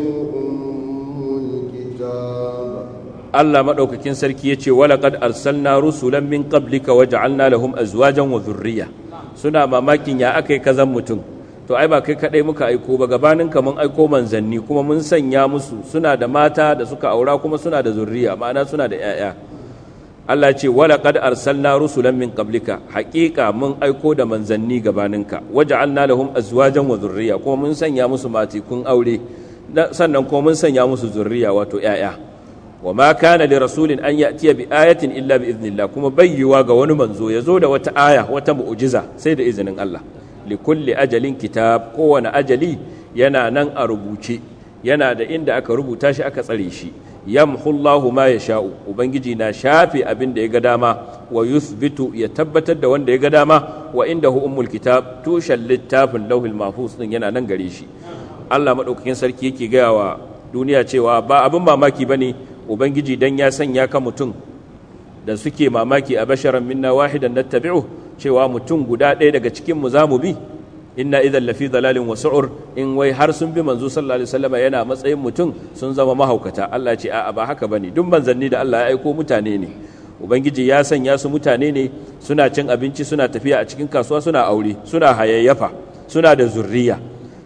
أم الكتاب الله ما أوكا كن ولقد أرسلنا رسلا من قبلك وجعلنا لهم أزواجا وذرية سنة ما ماكين يا أكي كذا to ai ba kai kadai muka aiko ba gabanin ka mun aiko manzanni kuma mun sanya musu suna da mata da suka aura kuma suna da zurriya ma'ana suna da yaya Allah ce wala qad arsalna rusulan min qablika haqiqa mun aiko da manzanni gabanin ka waja'alna lahum azwajan wa zurriya kuma mun sanya musu kun aure sannan kuma mun sanya musu zurriya wato yaya wa ma kana li rasulin an ya'tiya bi ayatin illa bi idnillah kuma bayyuwa ga wani manzo yazo da wata aya wata mu'jiza sai da izinin Allah likulli ajalin kitab kowane ajali yana nan a rubuce yana da inda aka rubuta shi aka tsare shi yamhullahu ma ya yasha'u ubangiji na shafe abin da ya ga dama wa yusbitu ya tabbatar da wanda ya ga dama wa hu ummul kitab tushen littafin lawhil mahfuz din yana nan gare shi Allah madaukakin sarki yake gaya wa duniya cewa ba abin mamaki bane ubangiji dan ya sanya ka mutum da suke mamaki a basharan minna wahidan nattabi'u cewa mutum guda ɗaya daga cikinmu za mu bi inna idan lafi dalalin wa in wai har sun bi manzo sallallahu alaihi wasallam yana matsayin mutum sun zama mahaukata Allah ce a'a ba haka bane duk manzanni da Allah ya aiko mutane ne ubangiji ya sanya su mutane ne suna cin abinci suna tafiya a cikin kasuwa suna aure suna hayayyafa suna da zurriya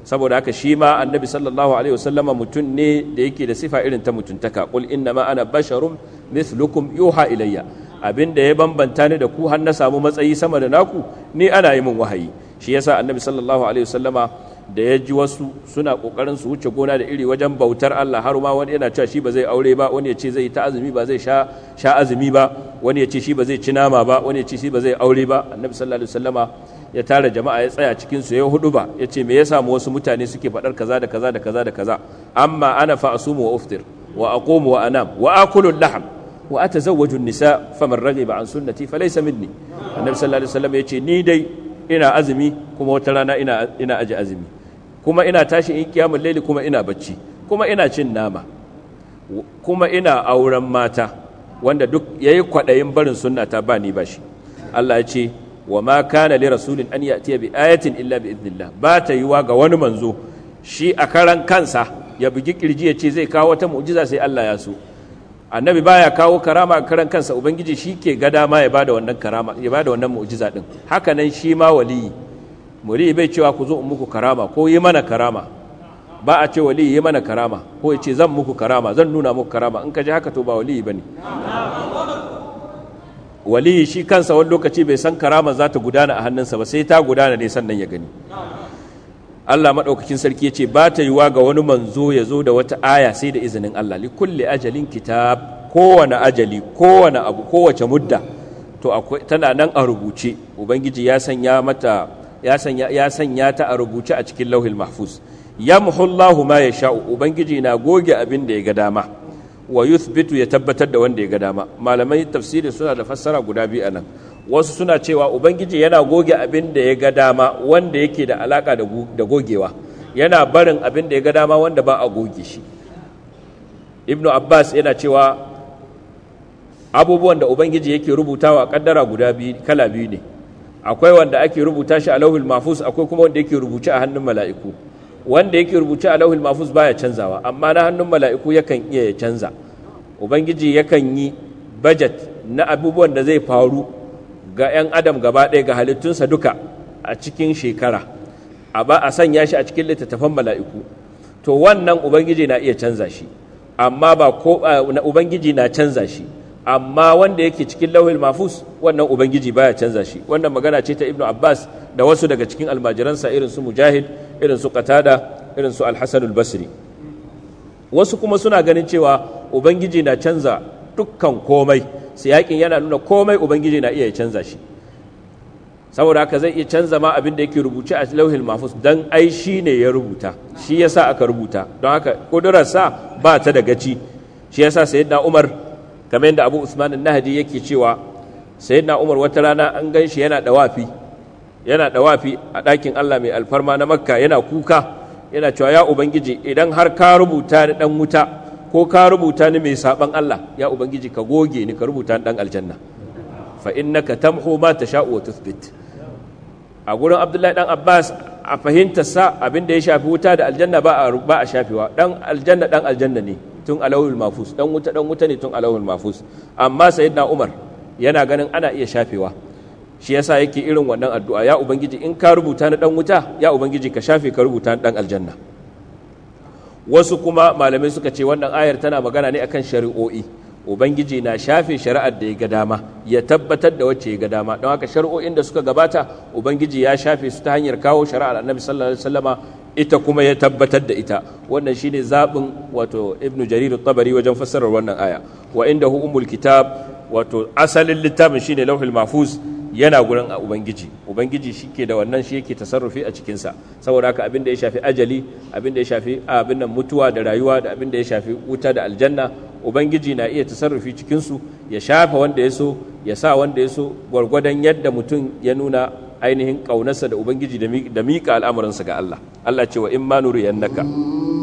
saboda haka shi ma annabi sallallahu alaihi wasallam mutum ne da yake da sifa irin ta mutuntaka qul inna ma ana basharun mithlukum yuha ilayya abin da ya bambanta ni da ku har na samu matsayi sama da naku ni ana yi min wahayi shi yasa annabi sallallahu alaihi wasallama da ya ji wasu suna kokarin su wuce gona da iri wajen bautar Allah har ma wani yana cewa shi ba zai aure ba wani ya ce zai ta azumi ba zai sha sha azumi ba wani ya ce shi ba zai ci nama ba wani ya ce shi ba zai aure ba annabi sallallahu alaihi wasallama ya tara jama'a ya tsaya cikin su ya hudu ba ya ce me ya samu wasu mutane suke faɗar kaza da kaza da kaza da kaza amma ana fa asumu wa uftir wa aqumu wa anam wa akulu laham wa atazawwaju nisa faman raghiba an sunnati ne minni annabi sallallahu alaihi wasallam yace ni dai ina azumi kuma wata rana ina ina aje azumi kuma ina tashi in kiyamul laili kuma ina bacci kuma ina cin nama kuma ina auren mata wanda duk yayi kwaɗayin barin sunnata ta ba ni ba Allah ce wa ma kana li rasulin an ya'tiya bi ayatin illa bi idnillah ba ta yiwa ga wani manzo shi a karan kansa ya bugi ƙirji ya ce zai kawo wata mu'jiza sai Allah ya so annabi baya kawo karama a karan kansa ubangiji shi ke ga dama ya bada wannan karama ya bada wannan mu'jiza din haka nan shi ma waliyi waliyi bai cewa ku zo in muku karama ko yi mana karama ba a ce waliyi yi mana karama ko ya ce zan muku karama zan nuna muku karama in ka ji haka to ba waliyi bane waliyi shi kansa wani lokaci bai san karama za ta gudana a hannunsa ba sai ta gudana ne sannan ya gani Allah maɗaukakin sarki ya ce ba ta yi wa ga wani manzo ya zo da wata aya sai da izinin Allah li kulli ajalin kitab kowane ajali kowane abu kowace mudda to tana nan a rubuce ubangiji ya sanya mata ya sanya ya sanya ta a rubuce a cikin lauhil mahfuz yamhu Allahu ma ya sha'u ubangiji na goge abin da ya ga dama wa yuthbitu ya tabbatar da wanda ya ga dama malamai tafsiri suna da fassara guda biyu anan wasu suna cewa ubangiji yana goge abin da ya ga dama wanda yake da alaka da gogewa yana barin abin da ya ga dama wanda ba a goge shi ibnu abbas yana cewa abubuwan da ubangiji yake rubutawa kaddara guda biyu kala biyu ne akwai wanda ake rubuta shi a lauhul mafus akwai kuma wanda yake rubuce a hannun mala'iku wanda yake rubuce a lauhul mafuz baya canzawa amma na hannun mala'iku yakan iya ya canza ubangiji yakan yi budget na abubuwan da zai faru ga 'yan adam gaba ɗaya ga halittunsa duka a cikin shekara a ba a sanya shi a cikin littattafan mala'iku to wannan ubangiji na iya canza shi amma ba ko ubangiji na canza shi amma wanda yake cikin lauhul mafus wannan ubangiji baya canza shi wannan magana ce ta ibnu abbas da wasu daga cikin almajiransa irin su mujahid irin su qatada irin su al-hasan basri wasu kuma suna ganin cewa ubangiji na canza dukkan komai yakin yana nuna komai ubangiji na iya canza shi saboda haka zai iya canza ma abin da yake rubuce a lauhin mafus dan ai shi ne ya rubuta shi yasa aka rubuta don haka kudurarsa ba ta da gaci shi yasa sayyidina umar kamar yadda abu usman nahadi yake cewa sayyidina umar wata rana an gan shi yana dawafi yana dawafi a ɗakin Allah mai alfarma na makka yana kuka yana cewa ya ubangiji idan har ka rubuta ni dan wuta ko ka rubuta ni mai saban Allah ya ubangiji ka goge ni ka rubuta ni dan aljanna fa innaka tamhu ma tasha'u wa tuthbit a gurin Abdullahi dan Abbas a fahimta sa abin da ya shafi wuta da aljanna ba a ba a shafewa dan aljanna dan aljanna ne tun alawul mafus dan wuta dan wuta ne tun alawul mafus amma sayyidina Umar yana ganin ana iya shafewa shi yasa yake irin wannan addu'a ya ubangiji in ka rubuta na dan wuta ya ubangiji ka shafe ka rubuta na dan aljanna wasu kuma malamai suka ce wannan ayar tana magana ne akan shari'o'i ubangiji na shafe shari'ar da ya ga dama ya tabbatar da wacce ya ga dama don haka shari'o'in da suka gabata ubangiji ya shafe su ta hanyar kawo shari'ar annabi sallallahu alaihi wasallama ita kuma ya tabbatar da ita wannan shine zabin wato ibnu jarir tabari wajen fassarar wannan aya wa indahu umul kitab wato asalin littafin shine lauhul mahfuz yana gurin a ubangiji ubangiji shi ke da wannan shi yake tasarrufi a cikinsa saboda haka abin da ya shafi ajali abin da ya shafi abin nan mutuwa da rayuwa da abin da ya shafi wuta da aljanna ubangiji na iya tasarrufi cikinsu ya shafa wanda ya so ya sa wanda ya so gwargwadon yadda mutum ya nuna ainihin ƙaunarsa da ubangiji da miƙa al'amuransa ga Allah Allah cewa in ma nuriyannaka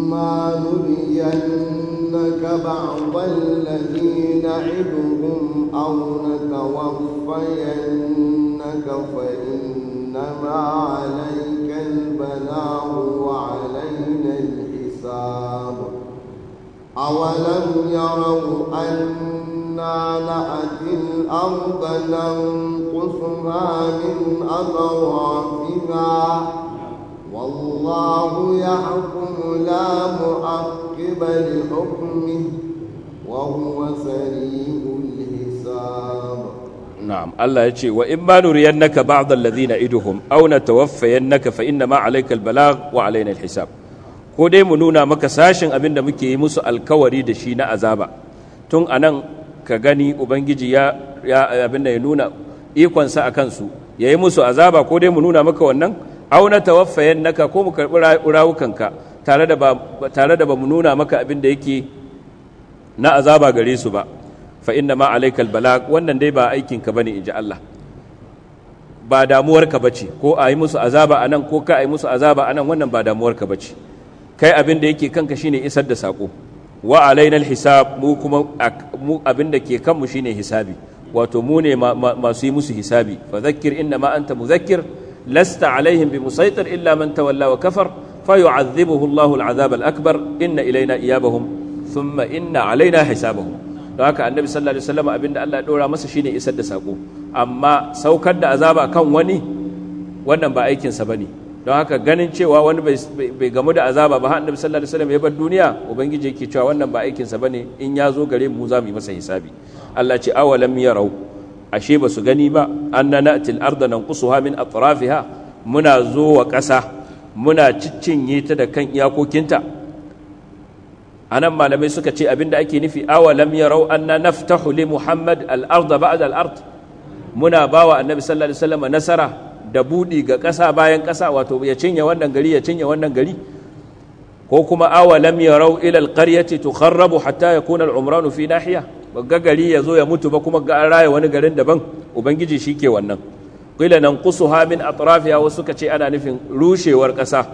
ma nuriyannaka ba'dal aw فإنما عليك البلاغ وعلينا الحساب أولم يروا أنا نأتي الأرض ننقصها من أطرافها والله يحكم لا مؤقب لحكمه وهو سريع الحساب na'am Allah ya ce wa in ma nuriyannaka ba'd alladhina iduhum aw naka fa inna ma alayka albalagh wa alaina alhisab ko dai mu nuna maka sashin abin da muke yi musu alkawari da shi na azaba tun anan ka gani ubangiji ya ya abin da ya nuna ikonsa a kansu yayi musu azaba ko dai mu nuna maka wannan aw naka ko mu karbi rawukanka tare da ba tare da ba mu nuna maka abin da yake na azaba gare su ba fa inna ma alaikal balag wannan dai ba aikin ka bane inji Allah ba damuwar ka bace ko a yi musu azaba anan ko ka a yi musu azaba anan wannan ba damuwar ka bace kai abin da yake kanka shine isar da sako wa alainal hisab mu kuma mu abin da ke kanmu shine hisabi wato mu ne masu yi musu hisabi fa zakkir inna ma anta muzakkir lasta alaihim bi musaitir illa man tawalla wa kafar fa yu'adhibuhu Allahu al'azab al-akbar inna ilaina iyabahum thumma inna alaina hisabahum don haka annabi sallallahu alaihi wasallam abinda Allah ya dora masa shine isar da sako amma saukar da azaba kan wani wannan ba aikin sa bane don haka ganin cewa wani bai gamu da azaba ba annabi sallallahu alaihi wasallam ya bar duniya ubangiji yake cewa wannan ba aikin sa bane in ya zo gare mu za mu yi masa hisabi Allah ce awalam yarau ashe ba su gani ba annana til arda nanqusuha min atrafiha muna zo wa ƙasa muna ciccinye ta da kan iyakokinta anan malamai suka ce abinda ake nufi awalam yarau anna naftahu li muhammad al-ardh ba'da muna bawa annabi sallallahu alaihi wasallam nasara da budi ga ƙasa bayan ƙasa wato ya cinye wannan gari ya cinye wannan gari ko kuma awalam yarau ila al tukharrabu hatta yakuna al-umran fi nahiya ga gari ya zo ya mutu ba kuma ga an raya wani garin daban ubangiji shike wannan qila nanqusuha min atrafiha wasu suka ce ana nufin rushewar ƙasa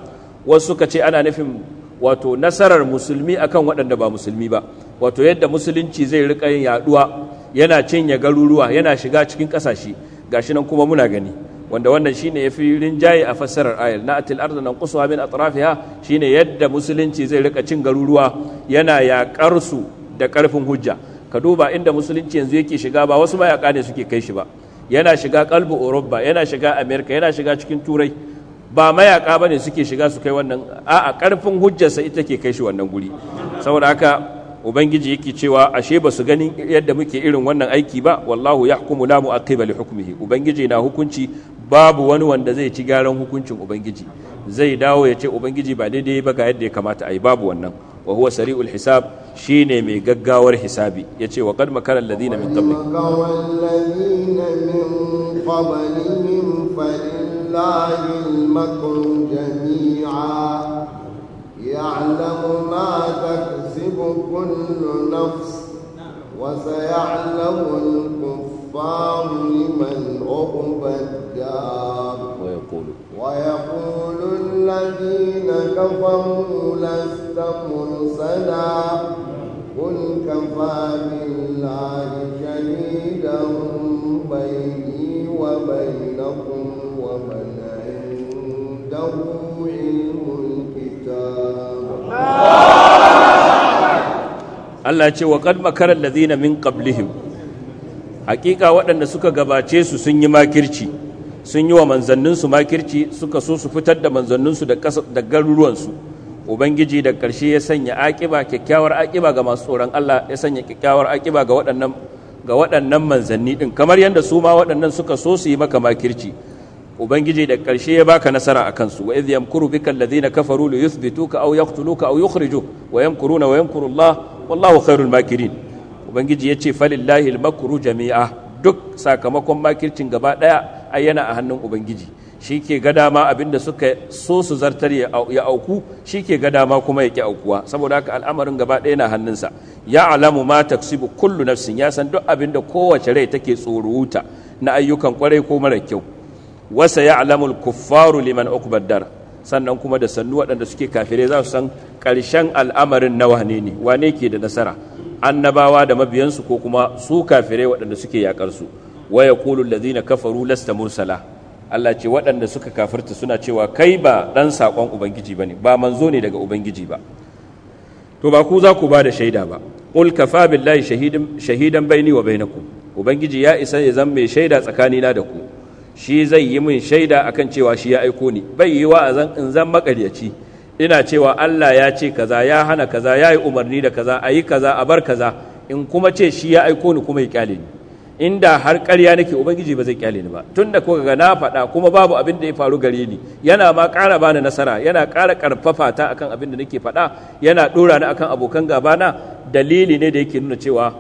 wasu suka ce ana nufin wato nasarar musulmi akan waɗanda ba musulmi ba wato yadda musulunci zai rika yin yaduwa yana cinye garuruwa yana shiga cikin ƙasashe gashi nan kuma muna gani wanda wannan shine yafi rinjaye a fassarar ayal na atil ardh nan qusuha min atrafiha shine yadda musulunci zai rika cin garuruwa yana yakar su da ƙarfin hujja ka duba inda musulunci yanzu yake shiga ba wasu mayaka ne suke kai shi ba yana shiga kalbu europa yana shiga america yana shiga cikin turai ba mayaka ne suke shiga su kai wannan a'a karfin hujjarsa ita ke kai shi wannan guri saboda haka ubangiji yake cewa ashe ba su ganin yadda muke irin wannan aiki ba wallahu ya yahkumu la mu'aqqiba li hukmihi ubangiji na hukunci babu wani wanda zai ci gyaran hukuncin ubangiji zai dawo ya ce ubangiji ba daidai ba ga yadda ya kamata ai babu wannan wa huwa sari'ul hisab shine mai gaggawar hisabi yace wa qad makara alladhina min qablihim لله المكر جميعا يعلم ما تكسب كل نفس وسيعلم الكفار لمن عقبى الدار ويقول ويقول الذين كفروا لست مرسلا قل كفى بالله شهيدا بيني وبينكم وبين Allah ce wa makarar da zina min qablihim hakika waɗanda suka gabace su sun yi makirci sun yi wa manzanninsu makirci suka so su fitar da manzanninsu da garuruwansu ubangiji da ƙarshe ya sanya aƙiba kyakkyawar aƙiba ga masu tsoron Allah ya sanya kyakkyawar aƙiba waɗannan ga waɗannan manzanni ɗin kamar yadda su ma waɗannan suka so su yi maka makirci ubangiji da ƙarshe ya baka nasara a kansu wa idh yamkuru bika alladhina kafaru li yuthbituka aw yaqtuluka aw yukhriju wa yamkuruna wa yamkuru Allah wallahu khairul makirin ubangiji yace falillahi al jami'a duk sakamakon makircin gaba daya ayyana a hannun ubangiji shike ga dama abinda suka so su zartar ya auku shike ga dama kuma ya ki aukuwa saboda haka al'amarin gaba daya na hannunsa ya alamu ma taksibu kullu nafsin ya san duk abinda kowace rai take tsoro na ayyukan kwarai ko mara kyau wasa alamul kuffaru liman uqbad sannan kuma da sannu waɗanda suke kafirai za su san ƙarshen al'amarin na wane ne wane ke da nasara annabawa da mabiyansu ko kuma su kafirai waɗanda suke yakar su wa yaqulu allazina kafaru lasta mursala Allah ce waɗanda suka kafirta suna cewa kai ba ɗan saƙon ubangiji bane ba manzo ne daga ubangiji ba to ba ku za ku ba da shaida ba qul kafa billahi shahidan shahidan baini wa bainakum ubangiji ya isa ya zama mai shaida tsakanina da ku shi zai yi min shaida akan cewa shi ya aiko ni bai yi wa zan in zan makaryaci ina cewa Allah ya ce kaza ya hana kaza ya yi umarni da kaza a yi kaza a bar kaza in kuma ce shi ya aiko ni kuma ya kyale ni inda har ƙarya nake ubangiji ba zai kyale ni ba tun da kuka na faɗa kuma babu abin da ya faru gare ni yana ma ƙara bani nasara yana ƙara ƙarfafa ta akan abin da nake faɗa yana ɗora ni akan abokan gabana dalili ne da yake nuna cewa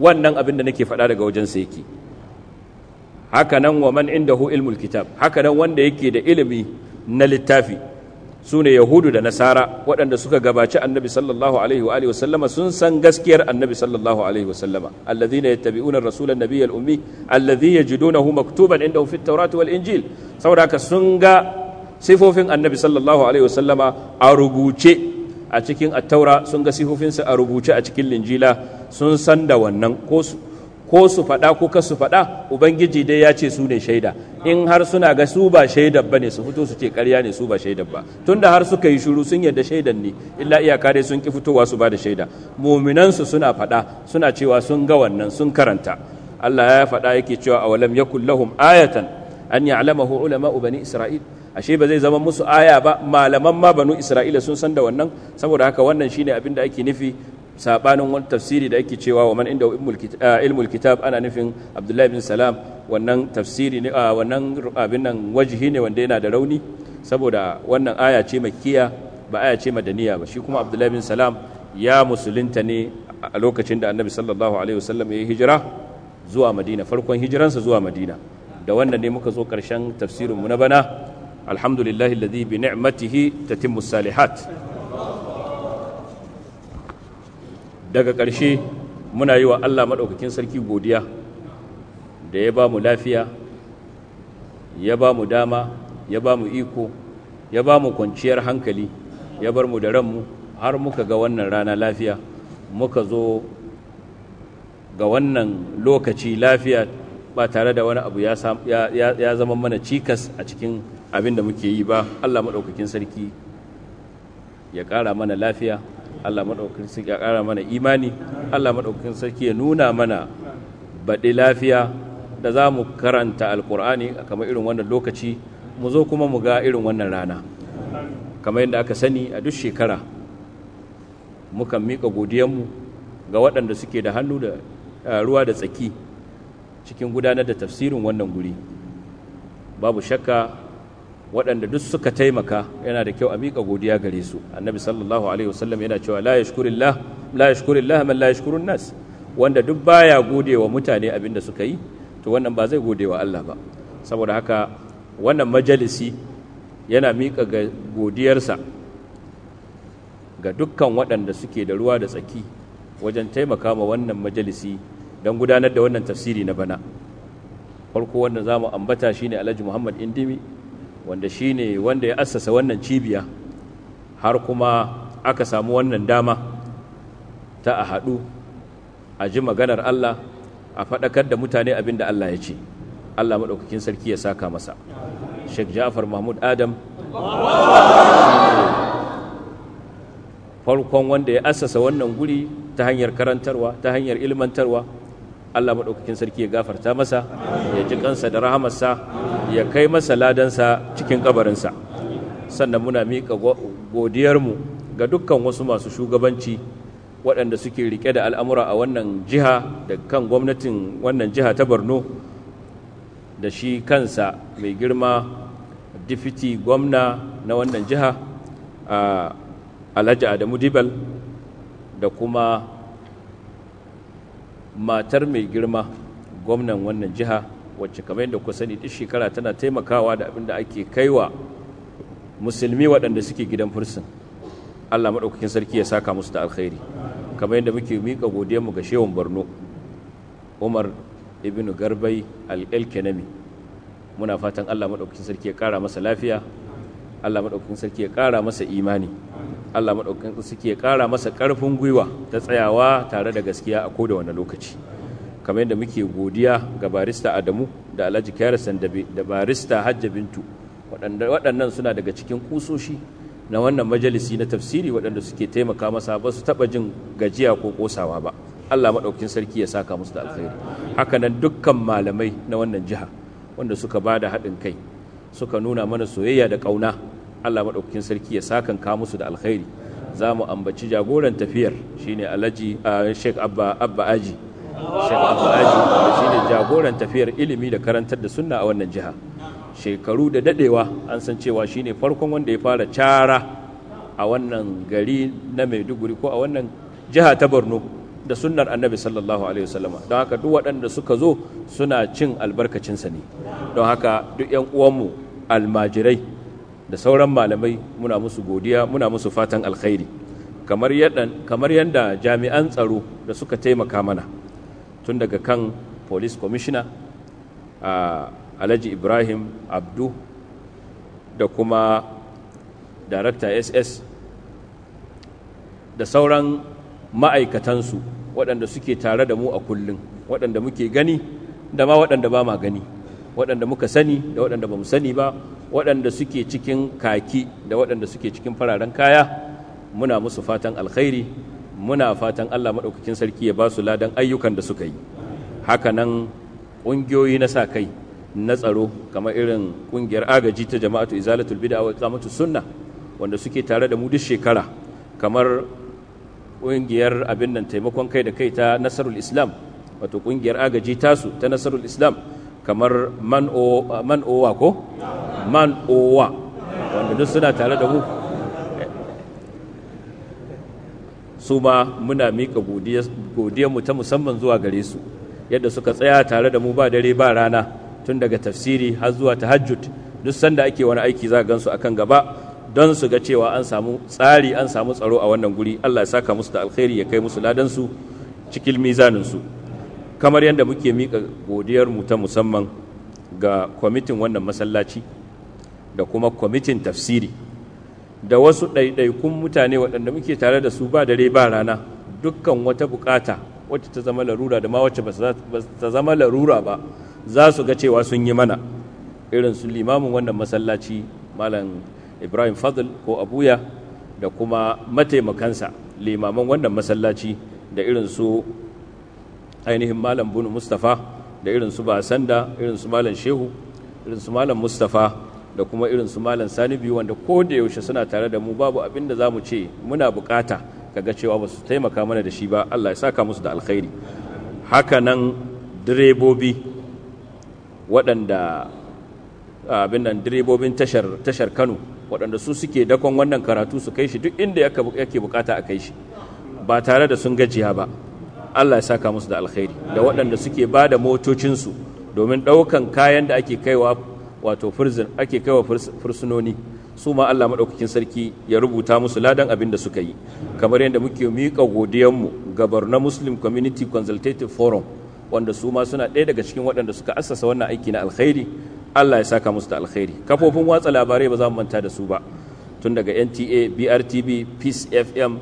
wannan abin da nake faɗa daga wajen sa yake haka nan wa man indahu ilmul kitab haka nan wanda yake da ilimi na littafi su ne yahudu da nasara waɗanda suka gabaci annabi sallallahu alaihi wa alihi wasallama sun san gaskiyar annabi sallallahu alaihi wasallama alladhina yattabi'una ar-rasula an-nabiyya al-ummi alladhi yajidunahu maktuban indahu fit tawrat wal injil saboda sun ga sifofin annabi sallallahu alaihi wasallama a rubuce a cikin taura sun ga sifofinsa a rubuce a cikin linjila sun san da wannan ko ko su faɗa ko ka su faɗa ubangiji dai ya ce su ne shaida in har suna ga su ba shaidar ba ne su fito su ce ƙarya ne su ba shaidar ba tunda har suka yi shuru sun yarda shaidan ne illa iyaka dai sun ki fitowa su ba da shaida muminansu suna faɗa suna cewa sun ga wannan sun karanta Allah ya faɗa yake cewa awalam ya lahum ayatan an ya'lamahu ulama'u bani isra'il ashe ba zai zama musu aya ba malaman ma banu isra'ila sun san da wannan saboda haka wannan shine abin da ake nufi sabanin wani tafsiri da ake cewa wa man inda ilmul ah, kitab ana nufin abdullahi bin salam wannan tafsiri ne ah, wannan abin nan wajihi ne wanda yana da rauni saboda wannan aya ce makkiya ba aya ce madaniya ba shi kuma abdullahi bin salam ya musulunta ne a lokacin da annabi sallallahu alaihi wasallam ya yi hijira zuwa madina farkon hijiransa zuwa madina da wannan ne muka zo karshen tafsirinmu na bana alhamdulillahi alladhi bi ni'matihi tatimmu salihat daga ƙarshe muna yi wa allah maɗaukakin sarki godiya da ya ba mu lafiya ya ba mu dama ya ba mu iko ya ba mu kwanciyar hankali ya bar mu da ranmu har muka ga wannan rana lafiya muka zo ga wannan lokaci lafiya ba tare da wani abu ya zama mana cikas a cikin abin da muke yi ba allah maɗaukakin sarki ya ƙara mana lafiya Allah maɗaukakin sarki ya ƙara mana imani Allah maɗaukakin sarki ya nuna mana baɗi lafiya da za mu karanta alƙur'ani kamar irin wannan lokaci mu zo kuma mu ga irin wannan rana kamar yadda aka sani a duk shekara mukan miƙa godiyanmu ga waɗanda suke da hannu da ruwa da tsaki cikin gudanar da tafsirin wannan guri babu shakka waɗanda duk suka taimaka yana da kyau a miƙa godiya gare su annabi sallallahu alaihi wasallam yana cewa la yashkurillah la yashkurillah man la yashkurun nas wanda duk baya gode wa mutane abin da suka yi to wannan ba zai gode wa Allah ba saboda haka wannan majalisi yana miƙa godiyarsa ga dukkan waɗanda suke da ruwa da tsaki wajen taimaka ma wannan majalisi don gudanar da wannan tafsiri na bana farko wanda zamu mu ambata shine alhaji muhammad indimi wanda shi ne wanda ya assasa wannan cibiya har kuma aka samu wannan dama ta a haɗu a ji maganar Allah a faɗakar da mutane abin da Allah ya ce Allah maɗaukakin sarki ya saka masa Sheikh Ja'far Mahmud Adam farkon wanda ya assasa wannan guri ta hanyar karantarwa ta hanyar ilmantarwa Allah maɗaukakin sarki ya gafarta masa ya ji kansa da rahamarsa ya kai masa ladansa cikin kabarinsa sannan muna miƙa godiyarmu ga dukkan wasu masu shugabanci waɗanda suke riƙe da al'amura a wannan jiha da kan gwamnatin wannan jiha ta borno da shi kansa mai girma difiti gwamna na wannan jiha a alhaji adamu dibal da kuma matar mai girma gwamnan wannan jiha wacce kamar yadda ku sani duk shekara tana taimakawa da abin da ake kaiwa musulmi waɗanda suke gidan fursun Allah maɗaukakin sarki ya saka musu da alkhairi kamar yadda muke miƙa godiyar mu ga shehun Borno Umar ibn Garbai al-Elkenami muna fatan Allah maɗaukakin sarki ya ƙara masa lafiya Allah madaukakin sarki ya ƙara masa imani Allah madaukakin sarki ya ƙara masa ƙarfin gwiwa ta tsayawa tare da gaskiya a koda wani lokaci kamar yadda muke godiya ga barista Adamu da Alhaji Kyarasan da barista Hajja Bintu waɗannan suna daga cikin kusoshi na wannan majalisi na tafsiri waɗanda suke taimaka masa ba su taɓa jin gajiya ko ƙosawa ba Allah maɗaukin sarki ya saka musu da alkhairi nan dukkan malamai na wannan jiha wanda suka ba da haɗin kai suka nuna mana soyayya da ƙauna Allah maɗaukakin sarki ya sakan ka musu da alkhairi za mu ambaci jagoran tafiyar shine alhaji Sheikh Abba Abba Aji Sheikh Abba Aji shine jagoran tafiyar ilimi da karantar da sunna a wannan jiha shekaru da dadewa an san cewa shine farkon wanda ya fara cara a wannan gari na Maiduguri ko a wannan jiha ta Borno da sunnar annabi sallallahu alaihi wasallama don haka duk waɗanda suka zo suna cin albarkacinsa ne don haka duk 'yan uwanmu almajirai da sauran malamai muna musu godiya muna musu fatan alkhairi kamar yadda jami'an tsaro da suka taimaka mana tun daga kan police commissioner a alhaji ibrahim abdu da kuma director ss da sauran ma'aikatansu waɗanda suke tare da mu a kullum waɗanda muke gani da ma waɗanda ba ma gani waɗanda muka sani da waɗanda ba mu sani ba waɗanda suke cikin kaki da waɗanda suke cikin fararen kaya muna musu fatan alkhairi muna fatan Allah maɗaukakin sarki ya ba su ladan ayyukan da suka yi haka nan ƙungiyoyi na sa kai na tsaro kamar irin ƙungiyar agaji ta jama'atu izalatul bid'a wa iqamatu sunna wanda suke tare da mu duk shekara kamar ƙungiyar abin nan taimakon kai da kai ta nasarul islam wato ƙungiyar agaji tasu ta nasarul islam kamar man owa ko man owa wanda duk suna tare da mu su ma muna miƙa godiyarmu ta musamman zuwa gare su yadda suka tsaya tare da mu ba dare ba rana tun daga tafsiri har zuwa ta hajjut duk sanda ake wani aiki za gansu akan gaba don su ga cewa an samu tsari an samu tsaro a wannan guri Allah ya saka musu da alkhairi ya kai musu ladansu cikin mizaninsu kamar yadda muke miƙa mu ta musamman ga kwamitin wannan masallaci da kuma kwamitin tafsiri da wasu ɗaiɗaikun mutane waɗanda muke tare da su ba dare ba rana dukkan wata bukata wacce ta zama larura da ma wacce ba ta zama larura ba za su ga cewa sun yi mana irin su limamin wannan masallaci malam ibrahim fadl ko abuya da kuma mataimakansa limaman wannan masallaci da irin su ainihin malam bunu mustafa da irin su Sanda irin su malam shehu irin su malam mustafa da kuma irin su malam sani biyu wanda ko da yaushe suna tare da mu babu abin da zamu ce muna bukata kaga cewa ba su taimaka mana da shi ba Allah ya saka musu da alkhairi haka nan direbobi waɗanda abin nan direbobin tashar tashar Kano waɗanda su suke dakon wannan karatu su kai shi duk inda yake bukata a kai shi ba tare da sun gajiya ba Allah ya saka musu da alkhairi da waɗanda suke bada da motocinsu domin ɗaukan kayan da ake kaiwa wato firzin ake kaiwa fursunoni su ma Allah maɗaukakin sarki ya rubuta musu ladan abin da suka yi kamar yadda muke miƙa godiyanmu gabar na Muslim Community Consultative Forum wanda su ma suna ɗaya daga cikin waɗanda suka assasa wannan aiki na alkhairi Allah ya saka musu da alkhairi kafofin watsa labarai ba za mu manta da su ba tun daga NTA BRTB Peace FM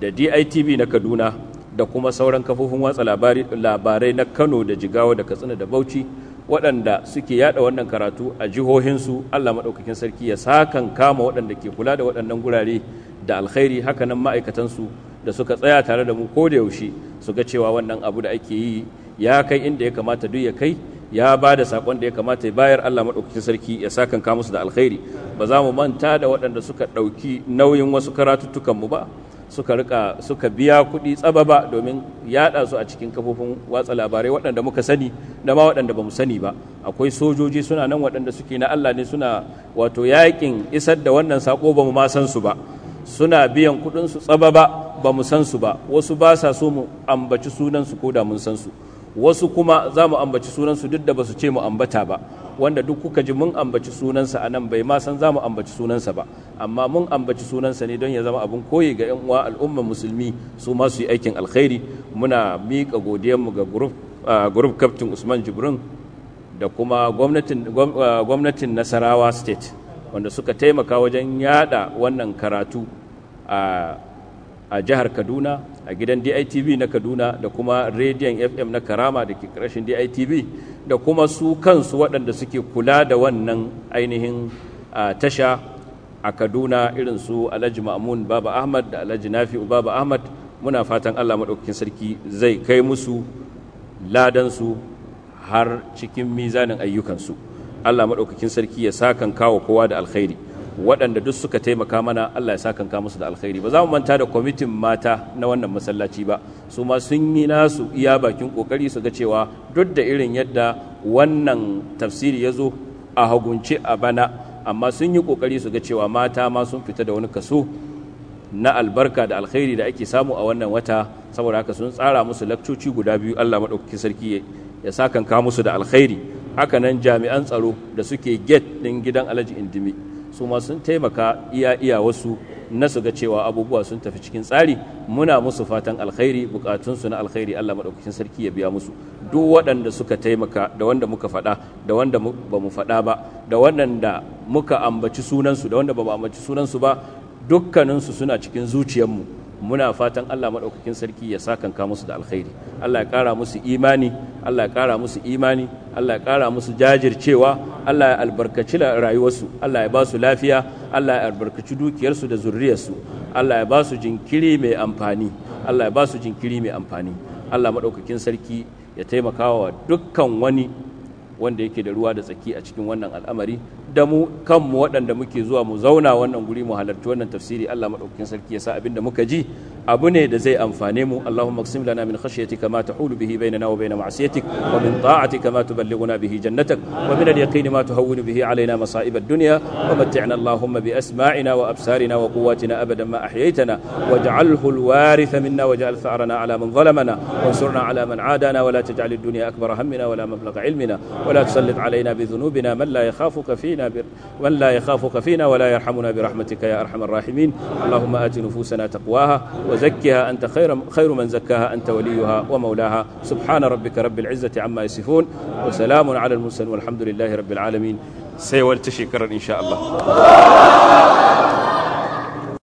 da DITV na Kaduna da kuma sauran kafofin watsa labarai na Kano da Jigawa da Katsina da Bauchi waɗanda suke yada wannan karatu a jihohinsu Allah maɗaukakin sarki ya sakan kama waɗanda ke kula da waɗannan gurare da alkhairi hakanan ma'aikatansu da suka tsaya tare da mu ko da yaushe su ga cewa wannan abu da ake yi ya kai inda ya kamata duk ya kai ya ba da saƙon da ya kamata ya bayar Allah maɗaukakin sarki ya sakan kama su da alkhairi ba za mu manta da waɗanda suka ɗauki nauyin wasu karatuttukanmu ba suka rika suka biya kuɗi tsababa domin yaɗa su a cikin kafofin watsa labarai waɗanda muka sani da ma waɗanda ba mu sani ba akwai sojoji suna nan waɗanda suke na Allah ne suna wato yakin isar da wannan sako ba mu ma san su ba suna biyan kuɗin su tsababa ba mu san su ba wasu ba sa so mu ambaci sunan su ko da mun san su wasu kuma za mu ambaci sunan su duk da ba su ce mu ambata ba wanda duk kuka ji mun ambaci sunansa a nan bai ma san za mu ambaci sunansa ba amma mun ambaci sunansa ne don ya zama abin koyi ga 'yan uwa al'ummar musulmi su ma su yi aikin alkhairi muna miƙa mu ga group captain usman jibrin da kuma gwamnatin nasarawa state wanda suka taimaka wajen yada wannan karatu a a jihar kaduna a gidan ditv na kaduna da kuma rediyon fm na karama da ke karshen ditv da kuma su kansu waɗanda suke kula da wannan ainihin tasha a kaduna irin su alhaji ma'amun baba ahmad da alhaji nafi'u baba ahmad muna fatan allah maɗaukakin sarki zai kai musu ladansu har cikin mizanin ayyukansu allah maɗaukakin sarki ya sakan kawo kowa da alkhairi waɗanda duk suka taimaka mana Allah ya sa sakanka musu da alkhairi ba za mu manta da kwamitin mata na wannan masallaci ba su ma sun yi nasu iya bakin kokari su ga cewa duk da irin yadda wannan tafsiri ya zo a hagunce a bana amma sun yi kokari su ga cewa mata ma sun fita da wani kaso na albarka da alkhairi da ake samu a wannan wata saboda haka sun tsara musu lakcoci guda biyu Allah madaukakin sarki ya sa sakanka musu da alkhairi haka nan jami'an tsaro da suke gate ɗin gidan alhaji indimi su ma sun taimaka iya iya wasu na su ga cewa abubuwa sun tafi cikin tsari muna musu fatan alkhairi bukatunsu na alkhairi Allah madaukakin sarki ya biya musu duk waɗanda suka taimaka da wanda muka faɗa da wanda ba mu faɗa ba da waɗanda muka ambaci sunansu da wanda ba mu ambaci sunansu ba dukkaninsu suna cikin mu. muna fatan Allah maɗaukakin sarki ya sakanka musu da alkhairi Allah ya ƙara musu imani Allah ya ƙara musu imani Allah ya ƙara musu jajircewa Allah ya albarkaci rayuwarsu Allah ya ba su lafiya Allah ya albarkaci dukiyarsu da zurriyarsu Allah ya ba su jinkiri mai amfani Allah ya ba su jinkiri mai amfani Allah maɗaukakin sarki ya taimakawa dukkan wani wanda yake da ruwa da tsaki a cikin wannan al'amari da mu kanmu waɗanda muke zuwa mu zauna wannan guri mu halarci wannan tafsiri Allah maɗaukakin sarki ya sa abin da muka ji abu ne da zai amfane mu Allahumma qsim lana min khashyatika ma tahulu bihi bainana wa bain ma'siyatik wa min ta'atika ma tuballighuna bihi jannatak wa min al-yaqini ma tuhawwinu bihi alaina masa'ib ad-dunya wa mat'na Allahumma bi asma'ina wa absarina wa quwwatina abadan ma ahyaytana waj'alhu al-waritha minna waj'al tha'rana ala man zalamana wansurna ala man 'adana wa la taj'al ad-dunya akbara hammina wa la mablagha ilmina wa la tusallit alaina bi dhunubina man la yakhafuka fina man la yakhafuka fina wa la yarhamuna bi rahmatika ya arhamar rahimin Allahumma ati nufusana taqwaha وزكها أنت خير, خير من زكاها أنت وليها ومولاها سبحان ربك رب العزة عما يصفون وسلام على المرسلين والحمد لله رب العالمين سيولت كرر إن شاء الله